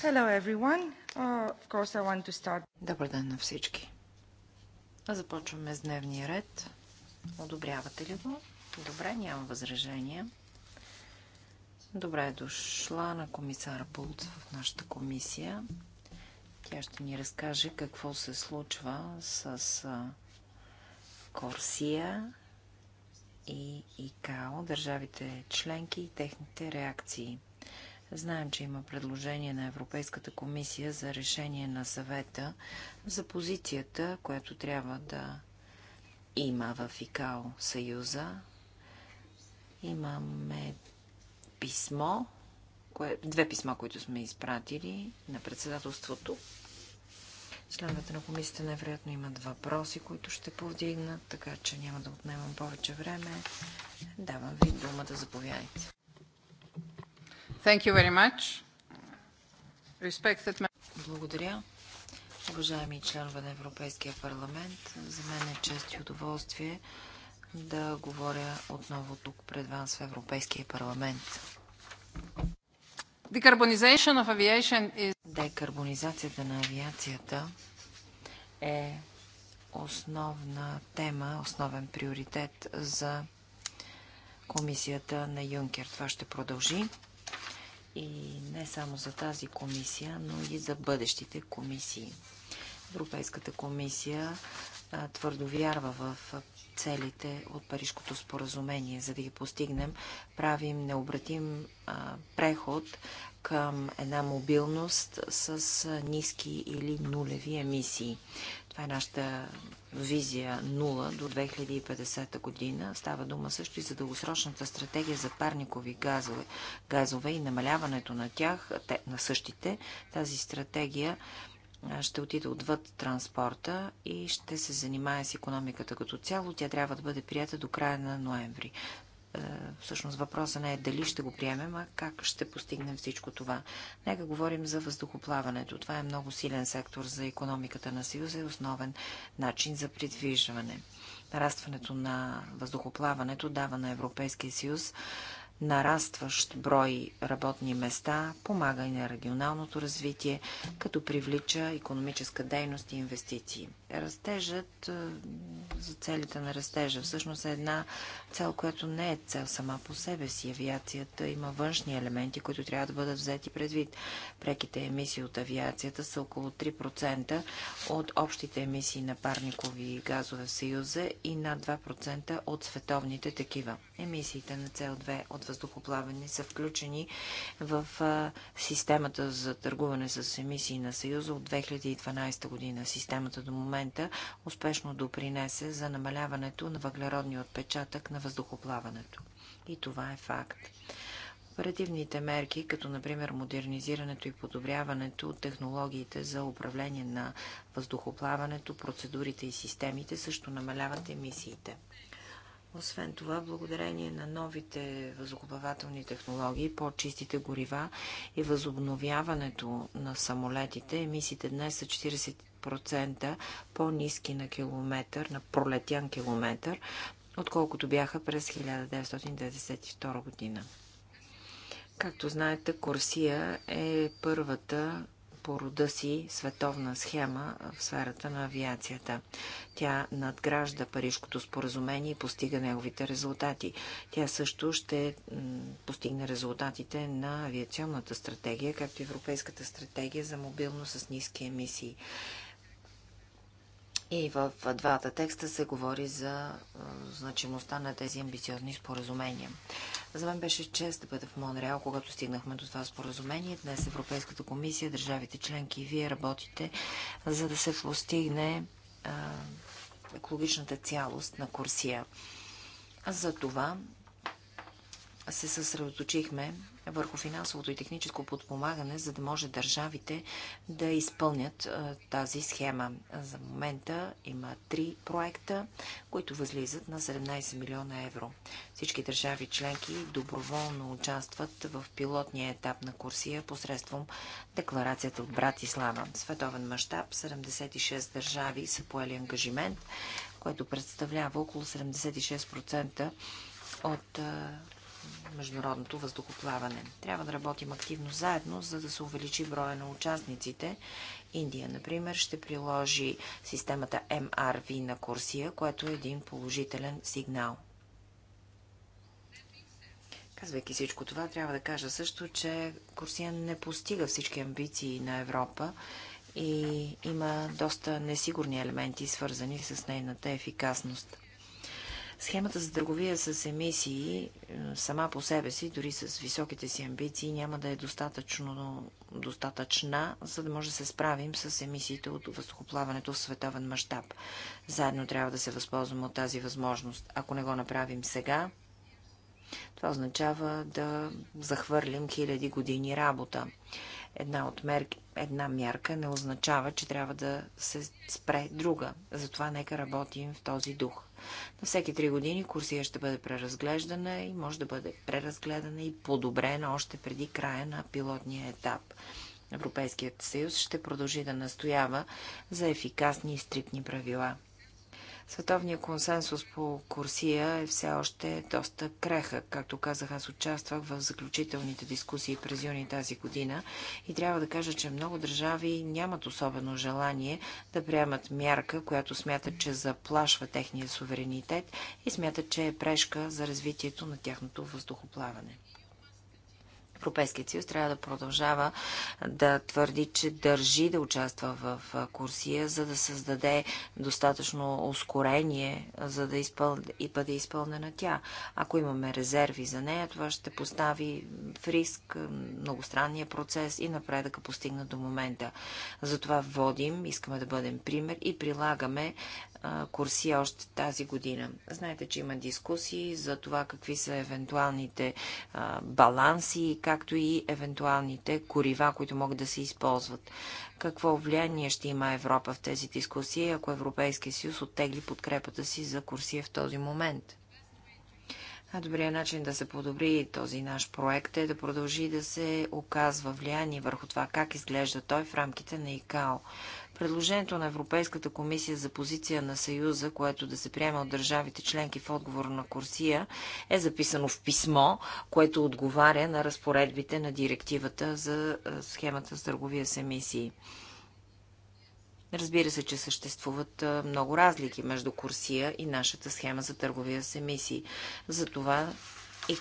Hello everyone. Uh, of course I want to start. Добър ден на всички. Започваме с дневния ред. Одобрявате ли го? Добре, няма възражения. Добре е дошла на комисара Булт в нашата комисия. Тя ще ни разкаже какво се случва с Корсия и ИКАО, държавите членки и техните реакции. Знаем, че има предложение на Европейската комисия за решение на съвета за позицията, която трябва да има в ИКАО Съюза. Имаме писмо, кое... две писма, които сме изпратили на председателството Членовете на комисията невероятно имат въпроси, които ще повдигнат, така че няма да отнемам повече време. Давам ви дума да заповядайте. Thank you very much. Respected... Благодаря. Уважаеми членове на Европейския парламент, за мен е чест и удоволствие да говоря отново тук пред вас в Европейския парламент. Декарбонизацията на авиацията е основна тема, основен приоритет за комисията на Юнкер. Това ще продължи и не само за тази комисия, но и за бъдещите комисии. Европейската комисия твърдо вярва в целите от Парижкото споразумение. За да ги постигнем, правим необратим а, преход към една мобилност с а, ниски или нулеви емисии. Това е нашата визия 0 до 2050 година. Става дума също и за дългосрочната стратегия за парникови газове, газове и намаляването на тях, те, на същите. Тази стратегия ще отида отвъд транспорта и ще се занимая с економиката като цяло. Тя трябва да бъде прията до края на ноември. Е, всъщност въпросът не е дали ще го приемем, а как ще постигнем всичко това. Нека говорим за въздухоплаването. Това е много силен сектор за економиката на Съюза и е основен начин за придвижване. Нарастването на въздухоплаването дава на Европейския съюз нарастващ брой работни места, помага и на регионалното развитие, като привлича економическа дейност и инвестиции. Растежът за целите на растежа всъщност е една цел, която не е цел сама по себе си. Авиацията има външни елементи, които трябва да бъдат взети предвид. Преките емисии от авиацията са около 3% от общите емисии на парникови газове в Съюза и над 2% от световните такива. Емисиите на CO2 от въздухоплаване са включени в системата за търгуване с емисии на Съюза от 2012 година. Системата до момента момента успешно допринесе за намаляването на въглеродния отпечатък на въздухоплаването. И това е факт. Оперативните мерки, като например модернизирането и подобряването от технологиите за управление на въздухоплаването, процедурите и системите, също намаляват емисиите. Освен това, благодарение на новите въздухоплавателни технологии, по-чистите горива и възобновяването на самолетите, емисиите днес са 40% по-низки на километър, на пролетян километър, отколкото бяха през 1992 година. Както знаете, Корсия е първата по рода си световна схема в сферата на авиацията. Тя надгражда Парижкото споразумение и постига неговите резултати. Тя също ще постигне резултатите на авиационната стратегия, както и Европейската стратегия за мобилност с ниски емисии. И в двата текста се говори за значимостта на тези амбициозни споразумения. За мен беше чест да бъда в Монреал, когато стигнахме до това споразумение. Днес Европейската комисия, държавите членки и вие работите, за да се постигне екологичната цялост на Курсия. За това се съсредоточихме върху финансовото и техническо подпомагане, за да може държавите да изпълнят тази схема. За момента има три проекта, които възлизат на 17 милиона евро. Всички държави членки доброволно участват в пилотния етап на курсия посредством декларацията от Братислава. световен мащаб 76 държави са поели ангажимент, което представлява около 76% от международното въздухоплаване. Трябва да работим активно заедно, за да се увеличи броя на участниците. Индия, например, ще приложи системата MRV на Курсия, което е един положителен сигнал. Казвайки всичко това, трябва да кажа също, че Курсия не постига всички амбиции на Европа и има доста несигурни елементи, свързани с нейната ефикасност. Схемата за търговия с емисии е, сама по себе си, дори с високите си амбиции, няма да е достатъчно, достатъчна, за да може да се справим с емисиите от въздухоплаването в световен мащаб. Заедно трябва да се възползваме от тази възможност. Ако не го направим сега, това означава да захвърлим хиляди години работа. Една, от мер... една мярка не означава, че трябва да се спре друга. Затова нека работим в този дух. На всеки три години курсия ще бъде преразглеждана и може да бъде преразгледана и подобрена още преди края на пилотния етап. Европейският съюз ще продължи да настоява за ефикасни и стрипни правила. Световният консенсус по Курсия е все още доста креха. Както казах, аз участвах в заключителните дискусии през юни тази година и трябва да кажа, че много държави нямат особено желание да приемат мярка, която смятат, че заплашва техния суверенитет и смятат, че е прешка за развитието на тяхното въздухоплаване. Европейският съюз трябва да продължава да твърди, че държи да участва в курсия, за да създаде достатъчно ускорение, за да изпъл... и бъде изпълнена тя. Ако имаме резерви за нея, това ще постави в риск многостранния процес и напредъка постигна до момента. Затова водим, искаме да бъдем пример и прилагаме курси още тази година. Знаете, че има дискусии за това какви са евентуалните баланси, както и евентуалните корива, които могат да се използват. Какво влияние ще има Европа в тези дискусии, ако Европейския съюз оттегли подкрепата си за курсия в този момент? А добрият начин да се подобри този наш проект е да продължи да се оказва влияние върху това как изглежда той в рамките на ИКАО. Предложението на Европейската комисия за позиция на Съюза, което да се приема от държавите членки в отговор на Курсия, е записано в писмо, което отговаря на разпоредбите на директивата за е, схемата с търговия с емисии. Разбира се, че съществуват е, много разлики между Курсия и нашата схема за търговия с емисии. Затова и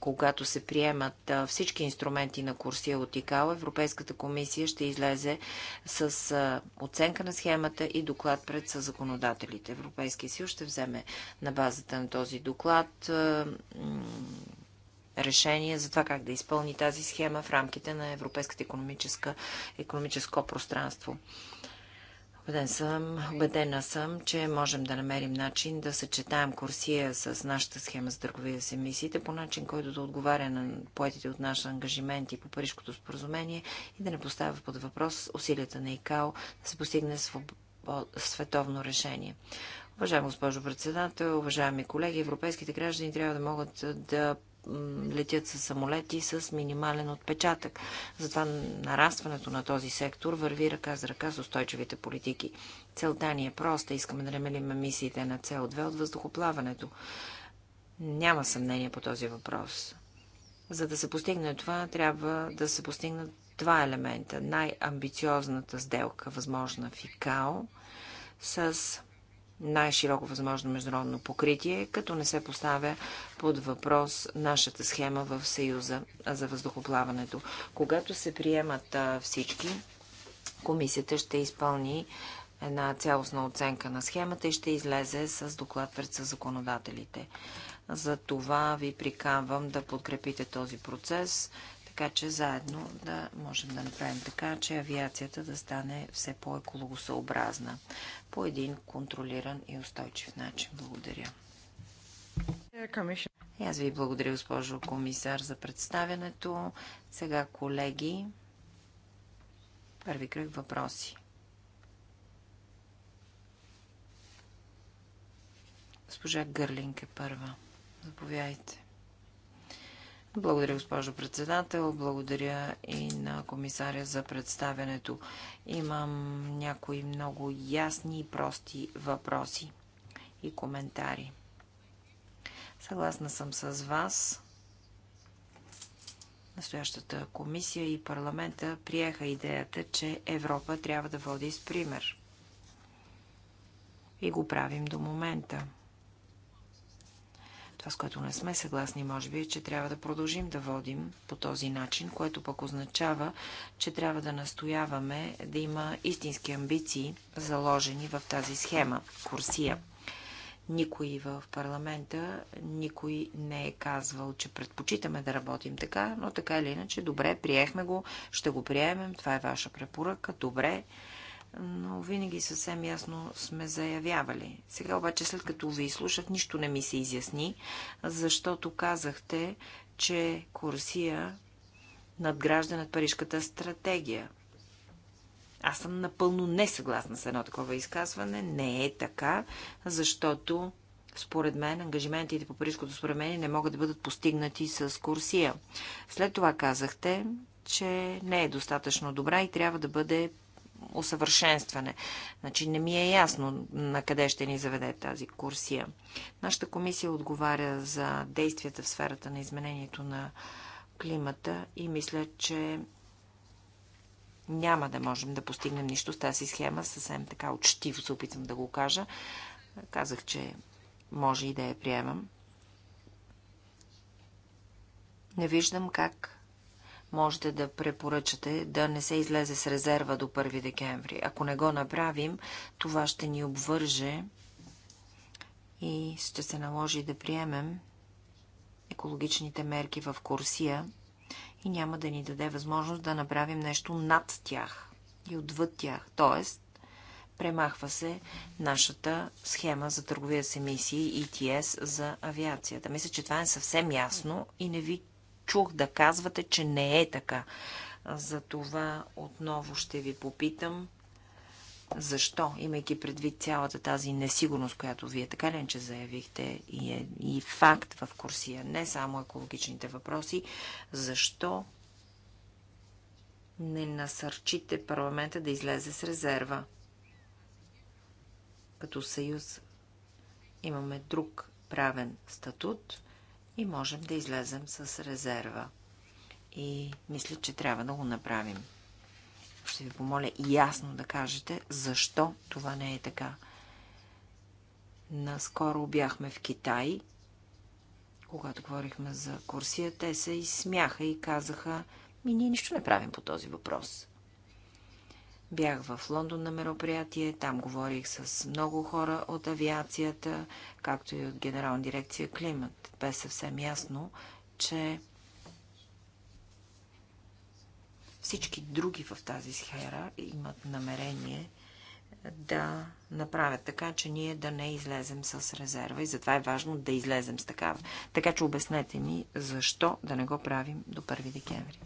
когато се приемат всички инструменти на курсия от ИКАО, Европейската комисия ще излезе с оценка на схемата и доклад пред законодателите. Европейския съюз ще вземе на базата на този доклад решение за това как да изпълни тази схема в рамките на Европейската економическа, економическо пространство. Убеден съм, убедена съм, че можем да намерим начин да съчетаем Курсия с нашата схема за търговия с емисиите по начин, който да отговаря на поетите от наш ангажимент и по Парижкото споразумение и да не поставя под въпрос усилията на ИКАО да се постигне световно решение. Уважаема госпожо председател, уважаеми колеги, европейските граждани трябва да могат да летят с самолети с минимален отпечатък. Затова нарастването на този сектор върви ръка за ръка с устойчивите политики. Целта ни е проста. Искаме да намалим емисиите на CO2 от въздухоплаването. Няма съмнение по този въпрос. За да се постигне това, трябва да се постигнат два елемента. Най-амбициозната сделка, възможна в ИКАО, с най-широко възможно международно покритие, като не се поставя под въпрос нашата схема в Съюза за въздухоплаването. Когато се приемат всички, комисията ще изпълни една цялостна оценка на схемата и ще излезе с доклад пред законодателите. За това ви приканвам да подкрепите този процес така че заедно да можем да направим така, че авиацията да стане все по-екологосъобразна по един контролиран и устойчив начин. Благодаря. И аз ви благодаря, госпожо комисар, за представянето. Сега, колеги, първи кръг въпроси. Госпожа Гърлинг е първа. Заповядайте. Благодаря, госпожо председател. Благодаря и на комисаря за представянето. Имам някои много ясни и прости въпроси и коментари. Съгласна съм с вас. Настоящата комисия и парламента приеха идеята, че Европа трябва да води с пример. И го правим до момента. Това, с което не сме съгласни, може би, е, че трябва да продължим да водим по този начин, което пък означава, че трябва да настояваме да има истински амбиции, заложени в тази схема, курсия. Никой в парламента, никой не е казвал, че предпочитаме да работим така, но така или иначе, добре, приехме го, ще го приемем, това е ваша препоръка, добре но винаги съвсем ясно сме заявявали. Сега обаче, след като ви изслушах, нищо не ми се изясни, защото казахте, че Курсия надгражда над Парижката стратегия. Аз съм напълно несъгласна с едно такова изказване. Не е така, защото според мен ангажиментите по Парижското споразумение не могат да бъдат постигнати с Курсия. След това казахте, че не е достатъчно добра и трябва да бъде усъвършенстване. Значи не ми е ясно на къде ще ни заведе тази курсия. Нашата комисия отговаря за действията в сферата на изменението на климата и мисля, че няма да можем да постигнем нищо с тази схема. Съвсем така учтиво се опитвам да го кажа. Казах, че може и да я приемам. Не виждам как можете да препоръчате да не се излезе с резерва до 1 декември. Ако не го направим, това ще ни обвърже и ще се наложи да приемем екологичните мерки в Курсия и няма да ни даде възможност да направим нещо над тях и отвъд тях. Тоест, премахва се нашата схема за търговия с емисии ETS за авиацията. Мисля, че това е съвсем ясно и не ви чух да казвате, че не е така. За това отново ще ви попитам защо, имайки предвид цялата тази несигурност, която вие така ли че заявихте и е и факт в Курсия, не само екологичните въпроси, защо не насърчите парламента да излезе с резерва? Като съюз имаме друг правен статут – и можем да излезем с резерва. И мисля, че трябва да го направим. Ще ви помоля ясно да кажете защо това не е така. Наскоро бяхме в Китай, когато говорихме за Курсия, те се изсмяха и казаха, ми ние нищо не правим по този въпрос. Бях в Лондон на мероприятие, там говорих с много хора от авиацията, както и от Генерална дирекция Климат. Бе съвсем ясно, че всички други в тази сфера имат намерение да направят така, че ние да не излезем с резерва и затова е важно да излезем с такава. Така че обяснете ми защо да не го правим до 1 декември.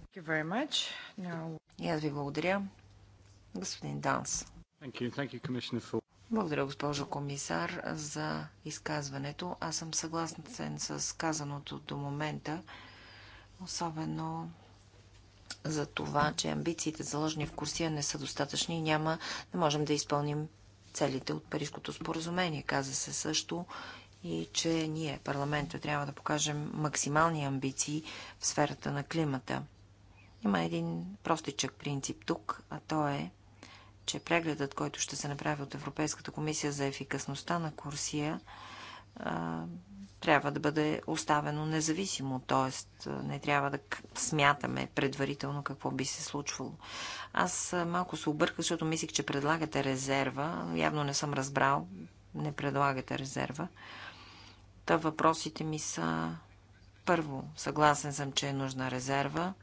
Now... И аз ви благодаря. Господин Данс. Thank you. Thank you, Благодаря, госпожо комисар, за изказването. Аз съм съгласен с казаното до момента, особено за това, че амбициите заложени в Курсия не са достатъчни и няма, не можем да изпълним целите от Парижското споразумение. Каза се също и че ние, парламента, трябва да покажем максимални амбиции в сферата на климата. Има един простичък принцип тук, а то е че прегледът, който ще се направи от Европейската комисия за ефикасността на курсия, трябва да бъде оставено независимо, т.е. не трябва да смятаме предварително какво би се случвало. Аз малко се обърках, защото мислих, че предлагате резерва. Явно не съм разбрал. Не предлагате резерва. Та въпросите ми са първо, съгласен съм, че е нужна резерва.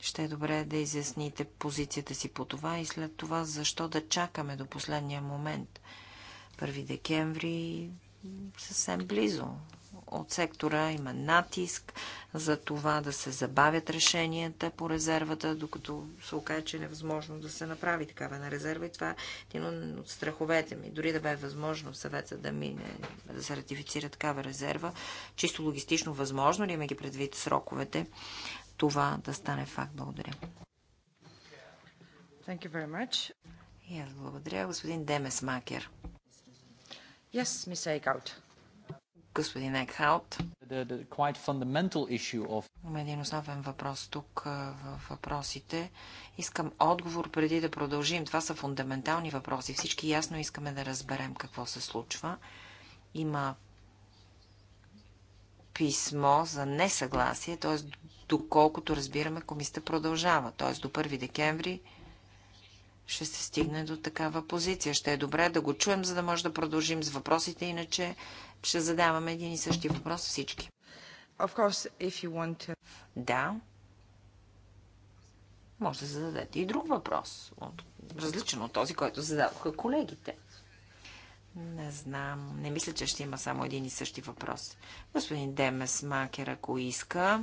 Ще е добре да изясните позицията си по това и след това защо да чакаме до последния момент. 1 декември съвсем близо. От сектора има натиск за това да се забавят решенията по резервата, докато се окаже, че е невъзможно да се направи такава на резерва. И това е един от страховете ми. Дори да бе възможно съвета да мине, да се ратифицира такава резерва, чисто логистично възможно ли, имайки предвид сроковете, това да стане факт. Благодаря. Thank you very much. И аз благодаря. Господин Демес Макер. Yes, Miss Eichhout. Господин Екхаут. Of... Има един основен въпрос тук в въпросите. Искам отговор преди да продължим. Това са фундаментални въпроси. Всички ясно искаме да разберем какво се случва. Има писмо за несъгласие, т.е. доколкото разбираме, комисията продължава. Т.е. до 1 декември ще се стигне до такава позиция. Ще е добре да го чуем, за да може да продължим с въпросите, иначе ще задаваме един и същи въпрос всички. Course, to... Да. Може да зададете и друг въпрос, различен от този, който зададоха колегите. Не знам. Не мисля, че ще има само един и същи въпрос. Господин Демес Макер, ако иска.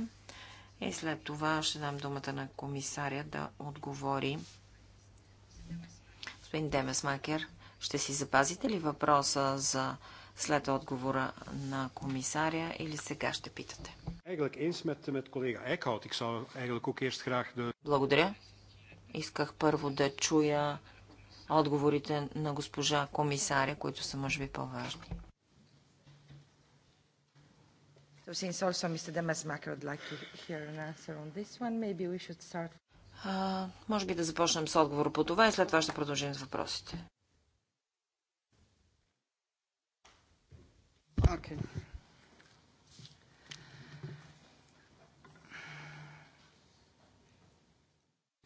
И след това ще дам думата на комисаря да отговори. Господин Демес Макер, ще си запазите ли въпроса за след отговора на комисаря или сега ще питате? Благодаря. Исках първо да чуя отговорите на госпожа комисаря, които са може би по-важни. So since also Mr. Demesmaker would like to hear an answer on this one, maybe we should start... А, може би да започнем с отговор по това и след това ще продължим с въпросите. Okay.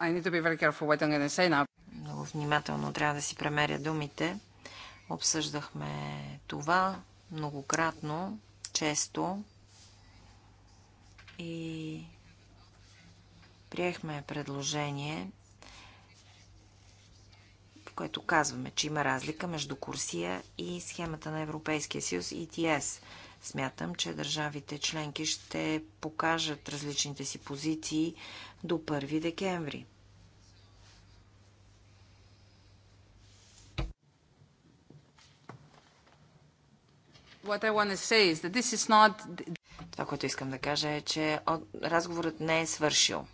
I need to be very careful what I'm going to say now много внимателно трябва да си премеря думите. Обсъждахме това многократно, често и приехме предложение, в което казваме, че има разлика между Курсия и схемата на Европейския съюз ETS. Смятам, че държавите членки ще покажат различните си позиции до 1 декември. Това, което искам да кажа е, че разговорът не е свършил.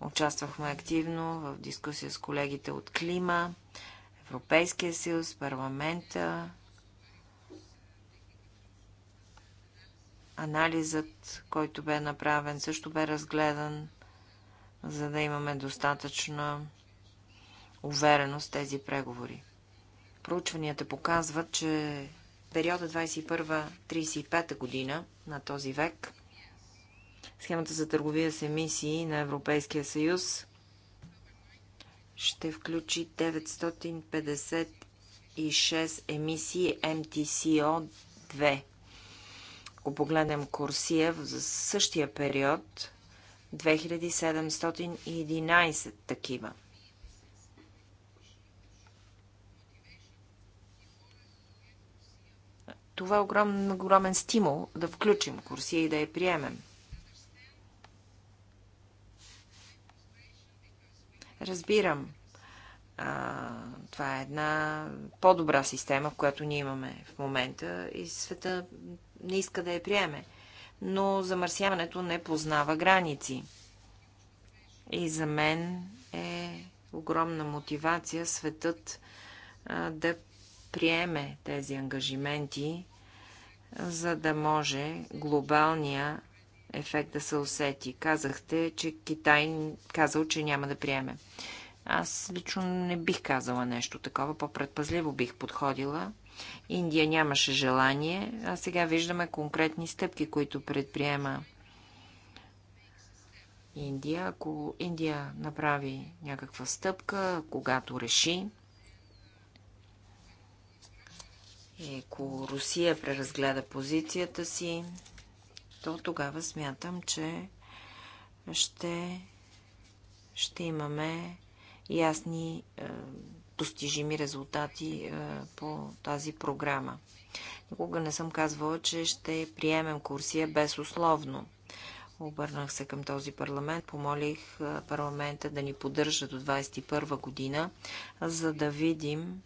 Участвахме активно в дискусия с колегите от Клима, Европейския съюз, парламента. Анализът, който бе направен, също бе разгледан, за да имаме достатъчна увереност в тези преговори. Проучванията показват, че периода 21-35 година на този век схемата за търговия с емисии на Европейския съюз ще включи 956 емисии MTCO2. Ако погледнем Курсия за същия период, 2711 такива – Това е огромен, огромен стимул да включим Курсия и да я приемем. Разбирам. А, това е една по-добра система, в която ние имаме в момента и света не иска да я приеме. Но замърсяването не познава граници. И за мен е огромна мотивация светът а, да приеме тези ангажименти, за да може глобалния ефект да се усети. Казахте, че Китай казал, че няма да приеме. Аз лично не бих казала нещо такова, по-предпазливо бих подходила. Индия нямаше желание, а сега виждаме конкретни стъпки, които предприема Индия. Ако Индия направи някаква стъпка, когато реши, И ако Русия преразгледа позицията си, то тогава смятам, че ще, ще имаме ясни е, резултати е, по тази програма. Никога не съм казвала, че ще приемем курсия безусловно. Обърнах се към този парламент, помолих е, парламента да ни поддържа до 2021 година, за да видим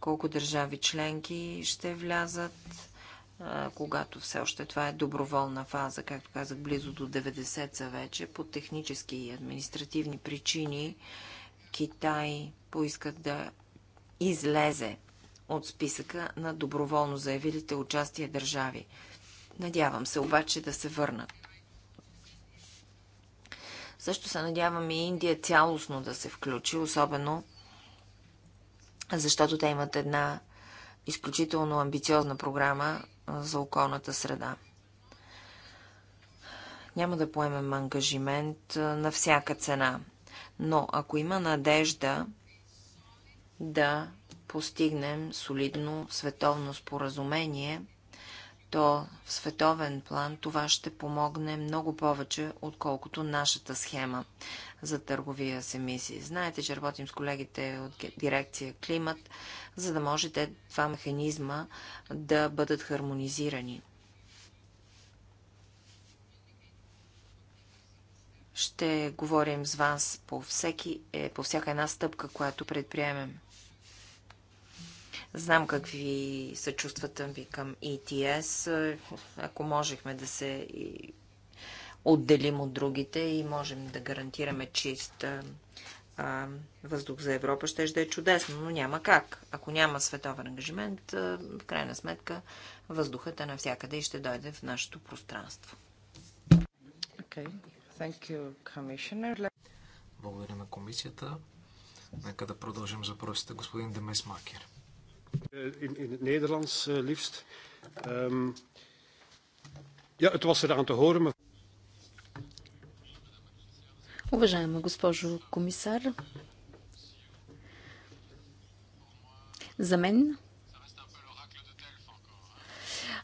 колко държави членки ще влязат, когато все още това е доброволна фаза, както казах, близо до 90 са вече, по технически и административни причини Китай поиска да излезе от списъка на доброволно заявилите участие държави. Надявам се обаче да се върнат. Също се надявам и Индия цялостно да се включи, особено защото те имат една изключително амбициозна програма за околната среда. Няма да поемем ангажимент на всяка цена, но ако има надежда да постигнем солидно световно споразумение – то в световен план това ще помогне много повече, отколкото нашата схема за търговия с емисии. Знаете, че работим с колегите от дирекция Климат, за да може те два механизма да бъдат хармонизирани. Ще говорим с вас по, всеки, е, по всяка една стъпка, която предприемем. Знам какви са чувствата ви към ETS. Ако можехме да се отделим от другите и можем да гарантираме чист а, въздух за Европа, ще, ще е чудесно, но няма как. Ако няма световен ангажимент, в крайна сметка въздухът е навсякъде и ще дойде в нашето пространство. Okay. Thank you, Commissioner. Благодаря на комисията. Нека да продължим за господин Демес Макер. Eh, in Nederlands eh, liefst. Ehm, ja, het was eraan te horen. Уважаема госпожо комисар, за мен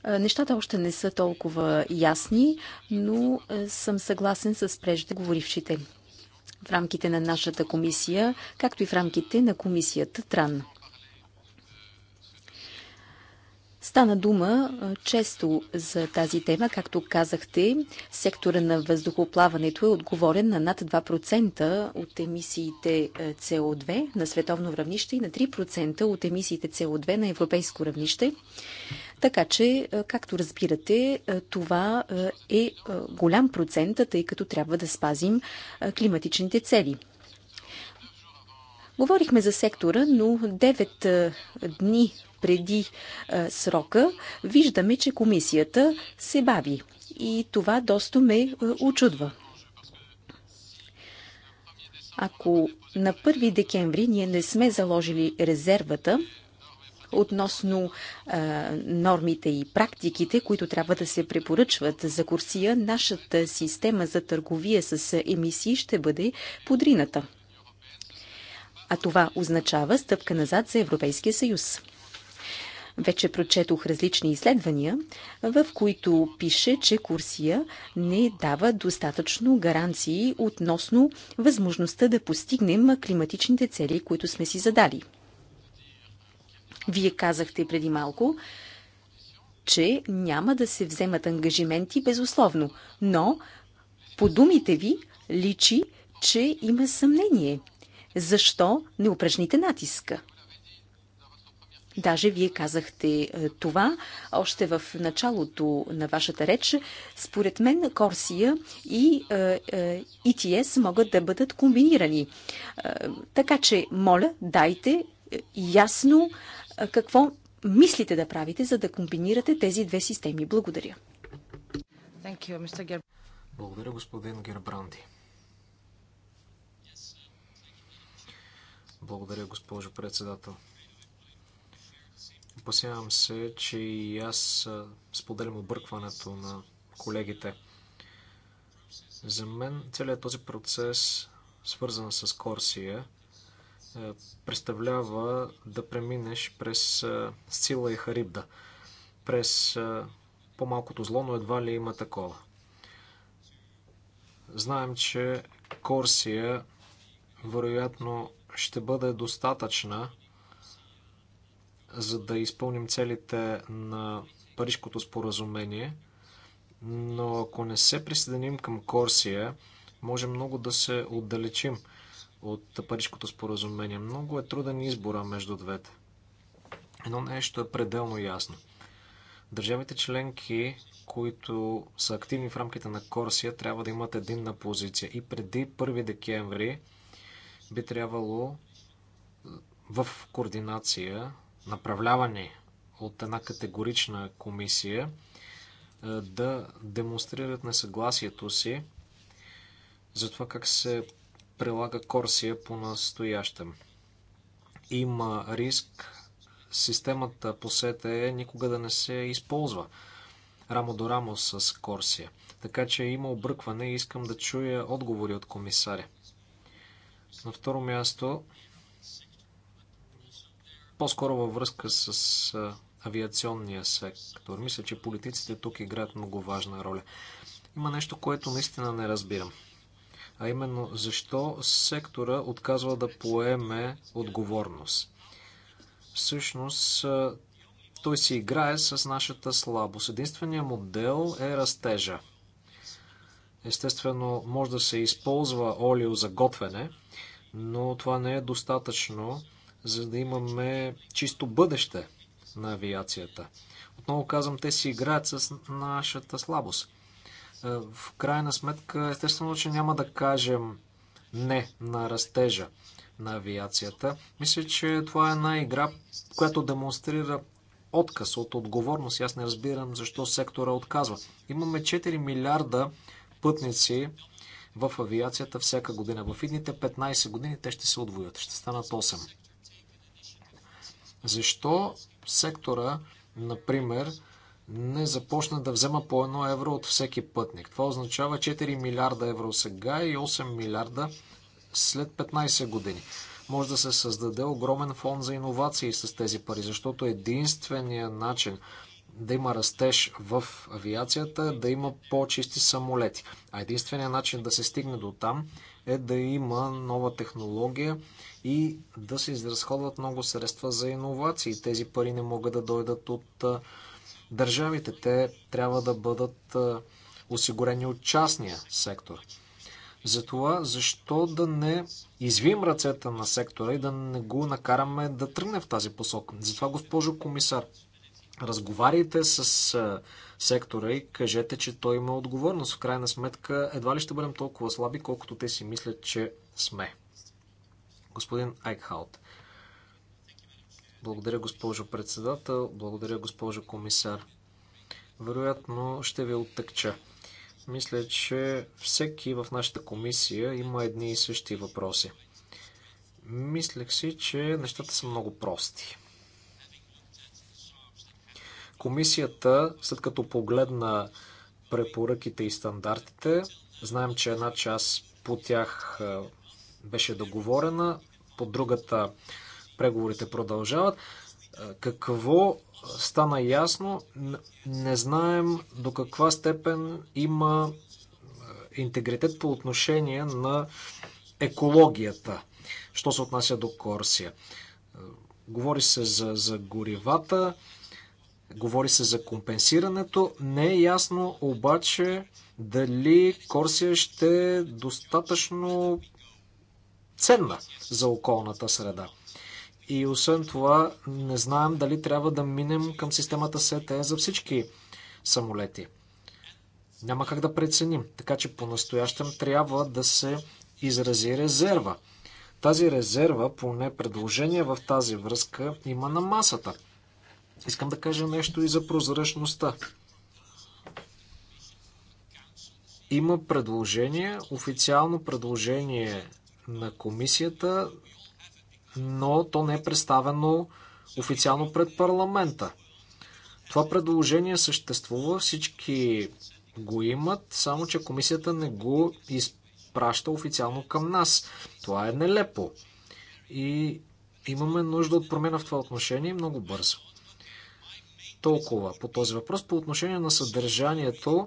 е, нещата още не са толкова ясни, но е, съм съгласен с преждеговорившите в рамките на нашата комисия, както и в рамките на комисията ТРАН. Стана дума често за тази тема. Както казахте, сектора на въздухоплаването е отговорен на над 2% от емисиите CO2 на световно равнище и на 3% от емисиите CO2 на европейско равнище. Така че, както разбирате, това е голям процент, тъй като трябва да спазим климатичните цели. Говорихме за сектора, но 9 дни преди а, е, срока, виждаме, че комисията се бави. И това доста ме очудва. Е, Ако на 1 декември ние не сме заложили резервата, относно а, е, нормите и практиките, които трябва да се препоръчват за Курсия, нашата система за търговия с емисии ще бъде подрината. А това означава стъпка назад за Европейския съюз. Вече прочетох различни изследвания, в които пише, че курсия не дава достатъчно гаранции относно възможността да постигнем климатичните цели, които сме си задали. Вие казахте преди малко, че няма да се вземат ангажименти безусловно, но по думите ви личи, че има съмнение. Защо не упражните натиска? Даже вие казахте е, това още в началото на вашата реч. Според мен Корсия и ETS е, е, могат да бъдат комбинирани. Така че, моля, дайте ясно какво мислите да правите, за да комбинирате тези две системи. Благодаря. Благодаря, господин Гербранди. Благодаря, госпожо председател. Опасявам се, че и аз споделям объркването на колегите. За мен целият този процес, свързан с Корсия, е, представлява да преминеш през сила и Харибда. През по-малкото зло, но едва ли има такова. Знаем, че Корсия вероятно ще бъде достатъчна за да изпълним целите на Парижкото споразумение, но ако не се присъединим към Корсия, може много да се отдалечим от Парижкото споразумение. Много е труден избора между двете. Едно нещо е пределно ясно. Държавите членки, които са активни в рамките на Корсия, трябва да имат единна позиция. И преди 1 декември би трябвало в координация направлявани от една категорична комисия, е, да демонстрират несъгласието си за това как се прилага Корсия по настоящем. Има риск системата по СТЕ никога да не се използва рамо до рамо с Корсия. Така че има объркване и искам да чуя отговори от комисаря. На второ място, по-скоро във връзка с авиационния сектор. Мисля, че политиците тук играят много важна роля. Има нещо, което наистина не разбирам. А именно, защо сектора отказва да поеме отговорност? Всъщност, той си играе с нашата слабост. Единственият модел е растежа. Естествено, може да се използва олио за готвене, но това не е достатъчно за да имаме чисто бъдеще на авиацията. Отново казвам, те си играят с нашата слабост. Е, в крайна сметка, естествено, че няма да кажем не на растежа на авиацията. Мисля, че това е една игра, която демонстрира отказ от отговорност. Аз не разбирам защо сектора отказва. Имаме 4 милиарда пътници в авиацията всяка година. В идните 15 години те ще се отвоят. Ще станат 8. Защо сектора, например, не започна да взема по едно евро от всеки пътник? Това означава 4 милиарда евро сега и 8 милиарда след 15 години. Може да се създаде огромен фонд за иновации с тези пари, защото единственият начин да има растеж в авиацията, е да има по-чисти самолети. А единственият начин да се стигне до там е да има нова технология и да се изразходват много средства за иновации. Тези пари не могат да дойдат от държавите. Те трябва да бъдат осигурени от частния сектор. Затова защо да не извием ръцете на сектора и да не го накараме да тръгне в тази посока? Затова, госпожо комисар, Разговаряйте с сектора и кажете, че той има отговорност. В крайна сметка, едва ли ще бъдем толкова слаби, колкото те си мислят, че сме. Господин Айкхаут. Благодаря, госпожо председател. Благодаря, госпожо комисар. Вероятно ще ви оттъкча. Мисля, че всеки в нашата комисия има едни и същи въпроси. Мислех си, че нещата са много прости. Комисията, след като погледна препоръките и стандартите, знаем, че една част по тях беше договорена, по другата преговорите продължават. Какво стана ясно? Не знаем до каква степен има интегритет по отношение на екологията, що се отнася до Корсия. Говори се за, за горивата, Говори се за компенсирането. Не е ясно обаче дали Корсия ще е достатъчно ценна за околната среда. И освен това, не знаем дали трябва да минем към системата СТЕ за всички самолети. Няма как да преценим. Така че по-настоящем трябва да се изрази резерва. Тази резерва, поне предложение в тази връзка, има на масата. Искам да кажа нещо и за прозрачността. Има предложение, официално предложение на комисията, но то не е представено официално пред парламента. Това предложение съществува, всички го имат, само че комисията не го изпраща официално към нас. Това е нелепо. И имаме нужда от промена в това отношение много бързо толкова по този въпрос. По отношение на съдържанието,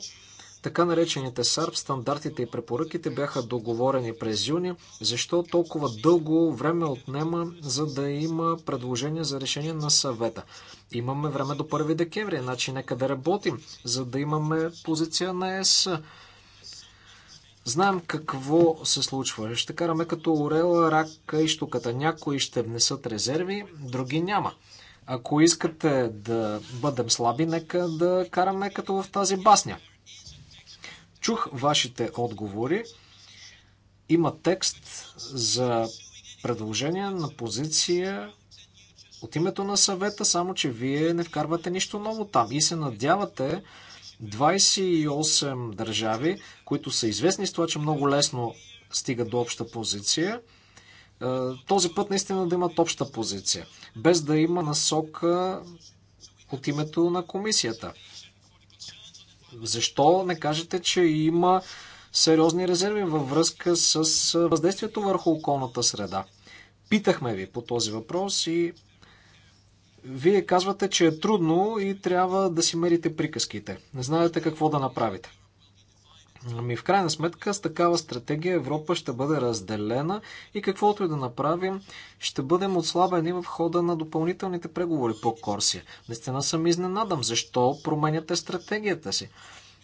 така наречените САРП, стандартите и препоръките бяха договорени през юни. Защо толкова дълго време отнема, за да има предложение за решение на съвета? Имаме време до 1 декември, значи нека да работим, за да имаме позиция на ЕС. Знаем какво се случва. Ще караме като орела, рака и штуката. Някои ще внесат резерви, други няма. Ако искате да бъдем слаби, нека да караме като в тази басня. Чух вашите отговори. Има текст за предложение на позиция от името на съвета, само че вие не вкарвате нищо ново там и се надявате 28 държави, които са известни с това, че много лесно стигат до обща позиция, е, този път наистина да имат обща позиция, без да има насока от името на комисията. Защо не кажете, че има сериозни резерви във връзка с въздействието върху околната среда? Питахме ви по този въпрос и вие казвате, че е трудно и трябва да си мерите приказките. Не знаете какво да направите. Ами в крайна сметка с такава стратегия Европа ще бъде разделена и каквото и да направим, ще бъдем отслабени в хода на допълнителните преговори по Корсия. Наистина съм изненадан. Защо променяте стратегията си?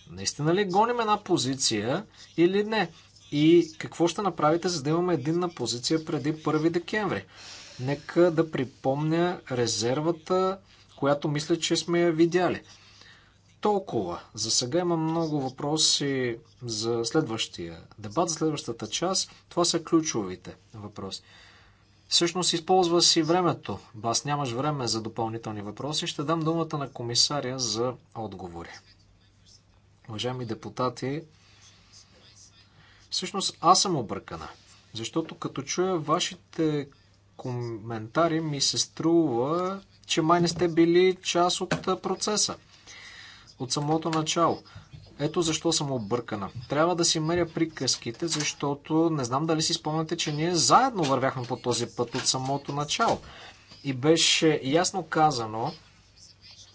Наистина ли гоним една позиция или не? И какво ще направите, за да имаме единна позиция преди 1 декември? Нека да припомня резервата, която мисля, че сме я видяли толкова. За сега има много въпроси за следващия дебат, за следващата част. Това са ключовите въпроси. Всъщност използва си времето. Бас нямаш време за допълнителни въпроси. Ще дам думата на комисаря за отговори. Уважаеми депутати, всъщност аз съм объркана, защото като чуя вашите коментари ми се струва, че май не сте били част от процеса от самото начало. Ето защо съм объркана. Трябва да си меря приказките, защото не знам дали си спомняте, че ние заедно вървяхме по този път от самото начало. И беше ясно казано,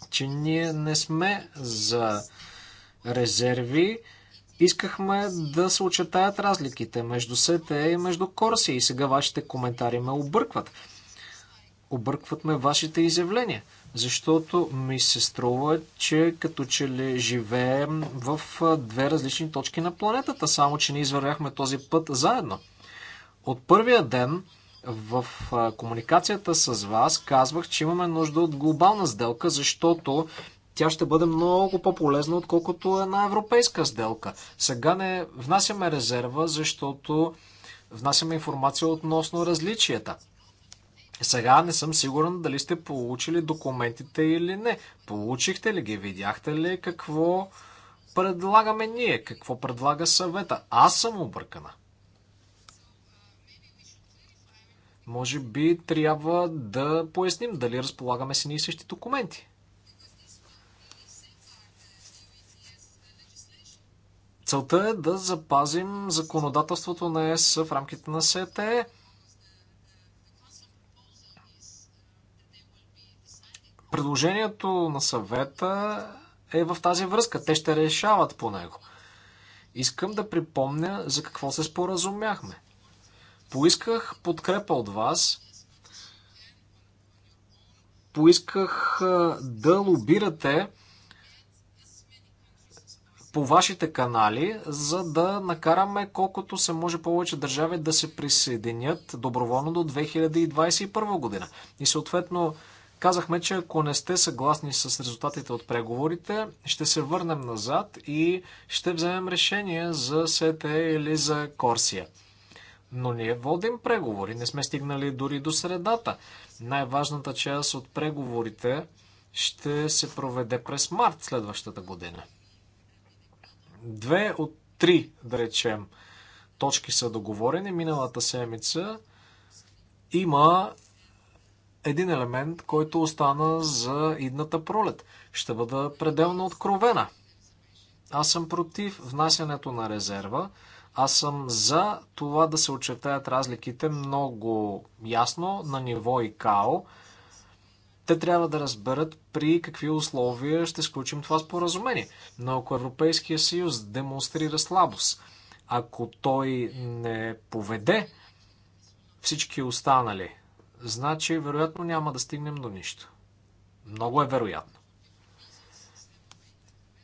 че ние не сме за резерви. Искахме да се очетаят разликите между СТЕ и между Корси. И сега вашите коментари ме объркват. Объркват ме вашите изявления защото ми се струва, че като че ли живеем в две различни точки на планетата, само че ние извървяхме този път заедно. От първия ден в комуникацията с вас казвах, че имаме нужда от глобална сделка, защото тя ще бъде много по-полезна, отколкото една европейска сделка. Сега не внасяме резерва, защото внасяме информация относно различията. Е, сега не съм сигурен дали сте получили документите или не. Получихте ли ги? Видяхте ли какво предлагаме ние? Какво предлага съвета? Аз съм объркана. Може би трябва да поясним дали разполагаме си ние същи документи. Целта е да запазим законодателството на ЕС в рамките на СТЕ. Предложението на съвета е в тази връзка. Те ще решават по него. Искам да припомня за какво се споразумяхме. Поисках подкрепа от вас. Поисках да лобирате по вашите канали, за да накараме колкото се може повече държави да се присъединят доброволно до 2021 година. И съответно Казахме, че ако не сте съгласни с резултатите от преговорите, ще се върнем назад и ще вземем решение за СЕТЕ или за Корсия. Но ние водим преговори, не сме стигнали дори до средата. Най-важната част от преговорите ще се проведе през март следващата година. Две от три, да речем, точки са договорени. Миналата седмица има един елемент, който остана за идната пролет. Ще бъда пределно откровена. Аз съм против внасянето на резерва. Аз съм за това да се очертаят разликите много ясно на ниво и као. Те трябва да разберат при какви условия ще сключим това споразумение. Но ако Европейския съюз демонстрира слабост, ако той не поведе всички останали значи вероятно няма да стигнем до нищо. Много е вероятно.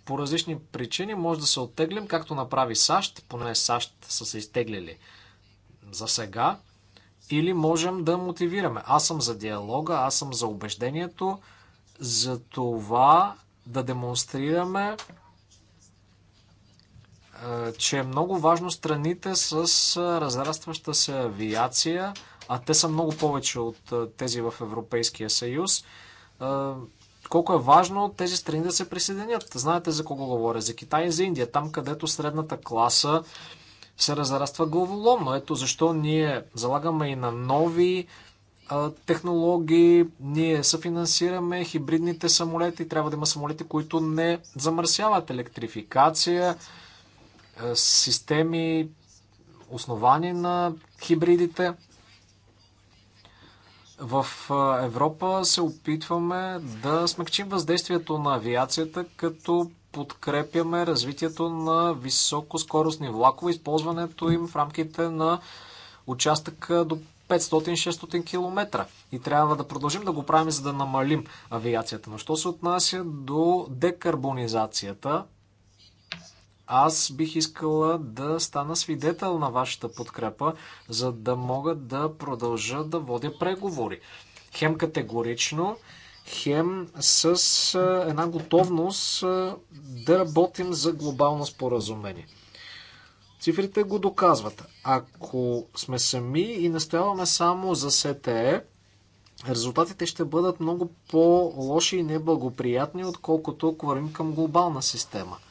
По различни причини може да се оттеглим, както направи САЩ, поне САЩ са се изтеглили за сега, или можем да мотивираме. Аз съм за диалога, аз съм за убеждението, за това да демонстрираме, е, че е много важно страните с е, разрастваща се авиация а те са много повече от тези в Европейския съюз. Колко е важно тези страни да се присъединят. Знаете за кого говоря? За Китай и за Индия, там където средната класа се разраства главоломно. Ето защо ние залагаме и на нови технологии, ние съфинансираме хибридните самолети, трябва да има самолети, които не замърсяват електрификация, системи, основани на хибридите. В Европа се опитваме да смекчим въздействието на авиацията, като подкрепяме развитието на високоскоростни влакове, използването им в рамките на участък до 500-600 км. И трябва да продължим да го правим, за да намалим авиацията. Но що се отнася до декарбонизацията, аз бих искала да стана свидетел на вашата подкрепа, за да мога да продължа да водя преговори. Хем категорично, хем с една готовност да работим за глобално споразумение. Цифрите го доказват. Ако сме сами и настояваме само за СТЕ, резултатите ще бъдат много по-лоши и неблагоприятни, отколкото ако вървим към глобална система –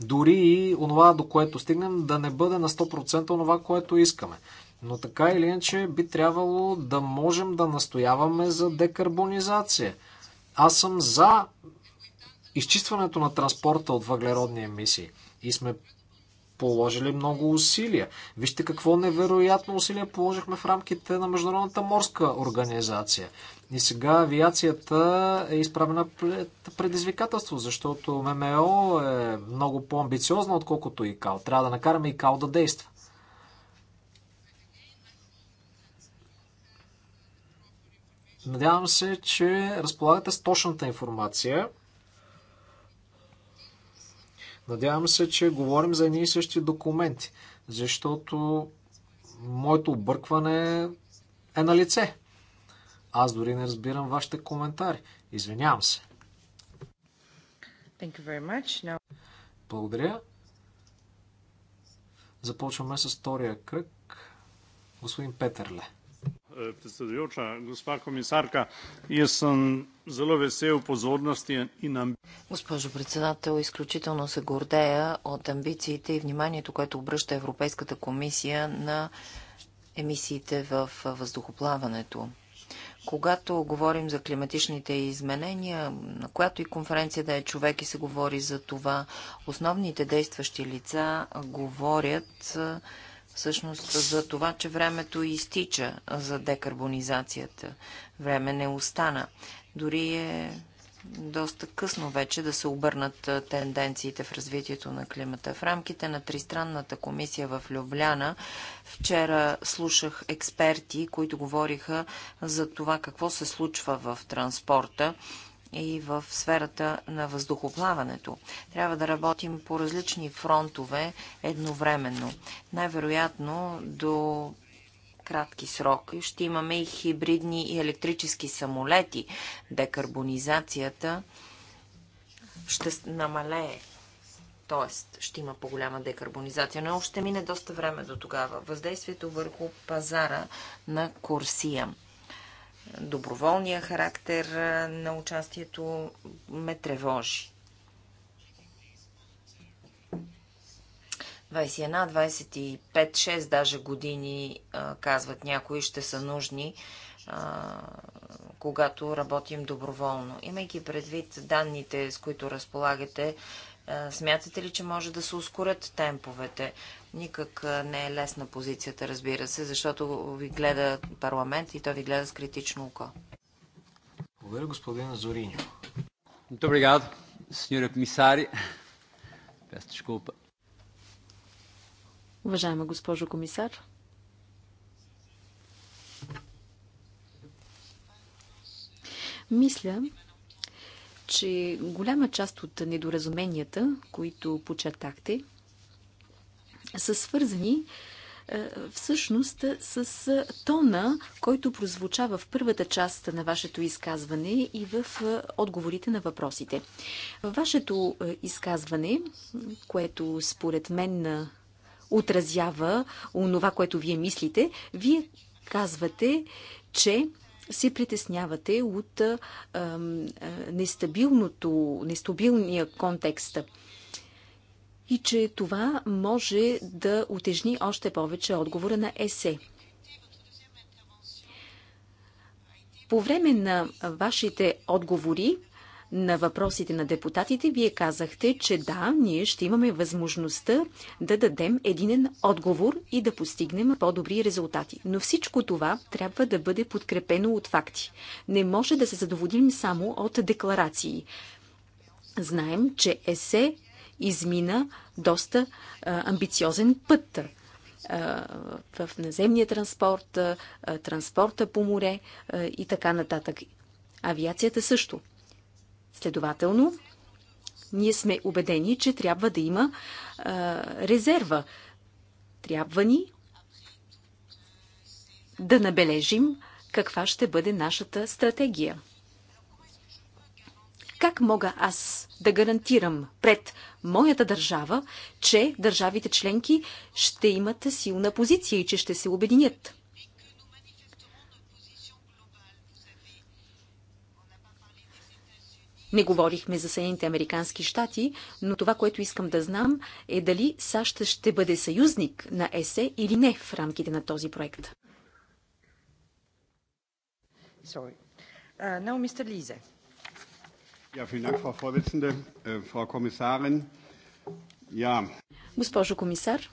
дори и онова, до което стигнем, да не бъде на 100% онова, което искаме. Но така или иначе би трябвало да можем да настояваме за декарбонизация. Аз съм за изчистването на транспорта от въглеродни емисии и сме положили много усилия. Вижте какво невероятно усилие положихме в рамките на Международната морска организация. И сега авиацията е изправена пред предизвикателство, защото ММО е много по-амбициозна, отколкото ИКАО. Трябва да накараме ИКАО да действа. Надявам се, че разполагате с точната информация. Надявам се, че говорим за едни и същи документи, защото моето объркване е на лице. Аз дори не разбирам вашите коментари. Извинявам се. Благодаря. Започваме с втория кръг. Господин Петърле. Predsedujoča, gospa комисарка, съм зала zelo позорности и на ambicij. Госпожо председател, изключително се гордея от амбициите и вниманието, което обръща Европейската комисия на емисиите в въздухоплаването. Когато говорим за климатичните изменения, на която и конференция да е човек и се говори за това, основните действащи лица говорят всъщност за това, че времето изтича за декарбонизацията. Време не остана. Дори е доста късно вече да се обърнат тенденциите в развитието на климата. В рамките на Тристранната комисия в Любляна вчера слушах експерти, които говориха за това какво се случва в транспорта и в сферата на въздухоплаването. Трябва да работим по различни фронтове едновременно. Най-вероятно до кратки срок. Ще имаме и хибридни и електрически самолети. Декарбонизацията ще намалее. Тоест, ще има по-голяма декарбонизация, но още мине доста време до тогава. Въздействието върху пазара на Курсия доброволния характер на участието ме тревожи. 21, 25, 6 даже години, казват някои, ще са нужни, когато работим доброволно. Имайки предвид данните, с които разполагате, смятате ли, че може да се ускорят темповете? Никак не е лесна позицията, разбира се, защото ви гледа парламент и той ви гледа с критично око. Благодаря, господин Зориньо. Добре, господин senhora comissária. Уважаема госпожо комисар, мисля, че голяма част от недоразуменията, които почертахте, са свързани е, всъщност с тона, който прозвуча в първата част на вашето изказване и в е, отговорите на въпросите. вашето е, изказване, което според мен отразява онова, което вие мислите. Вие казвате, че се притеснявате от а, а, нестабилното, нестабилния контекст и че това може да отежни още повече отговора на ЕСЕ. По време на вашите отговори на въпросите на депутатите, вие казахте, че да, ние ще имаме възможността да дадем единен отговор и да постигнем по-добри резултати. Но всичко това трябва да бъде подкрепено от факти. Не може да се задоволим само от декларации. Знаем, че ЕСЕ измина доста а, амбициозен път в наземния транспорт, транспорта по море и така нататък. Авиацията също. Следователно, ние сме убедени, че трябва да има а, резерва. Трябва ни да набележим каква ще бъде нашата стратегия. Как мога аз да гарантирам пред моята държава, че държавите членки ще имат силна позиция и че ще се обединят? Не говорихме за Съединените Американски щати, но това, което искам да знам е дали САЩ ще бъде съюзник на ЕСЕ или не в рамките на този проект. Sorry. Uh, now, Mr. Ja, vielen Dank, Frau Vorsitzende, äh, Frau Kommissarin. Ja. Госпожо комисар,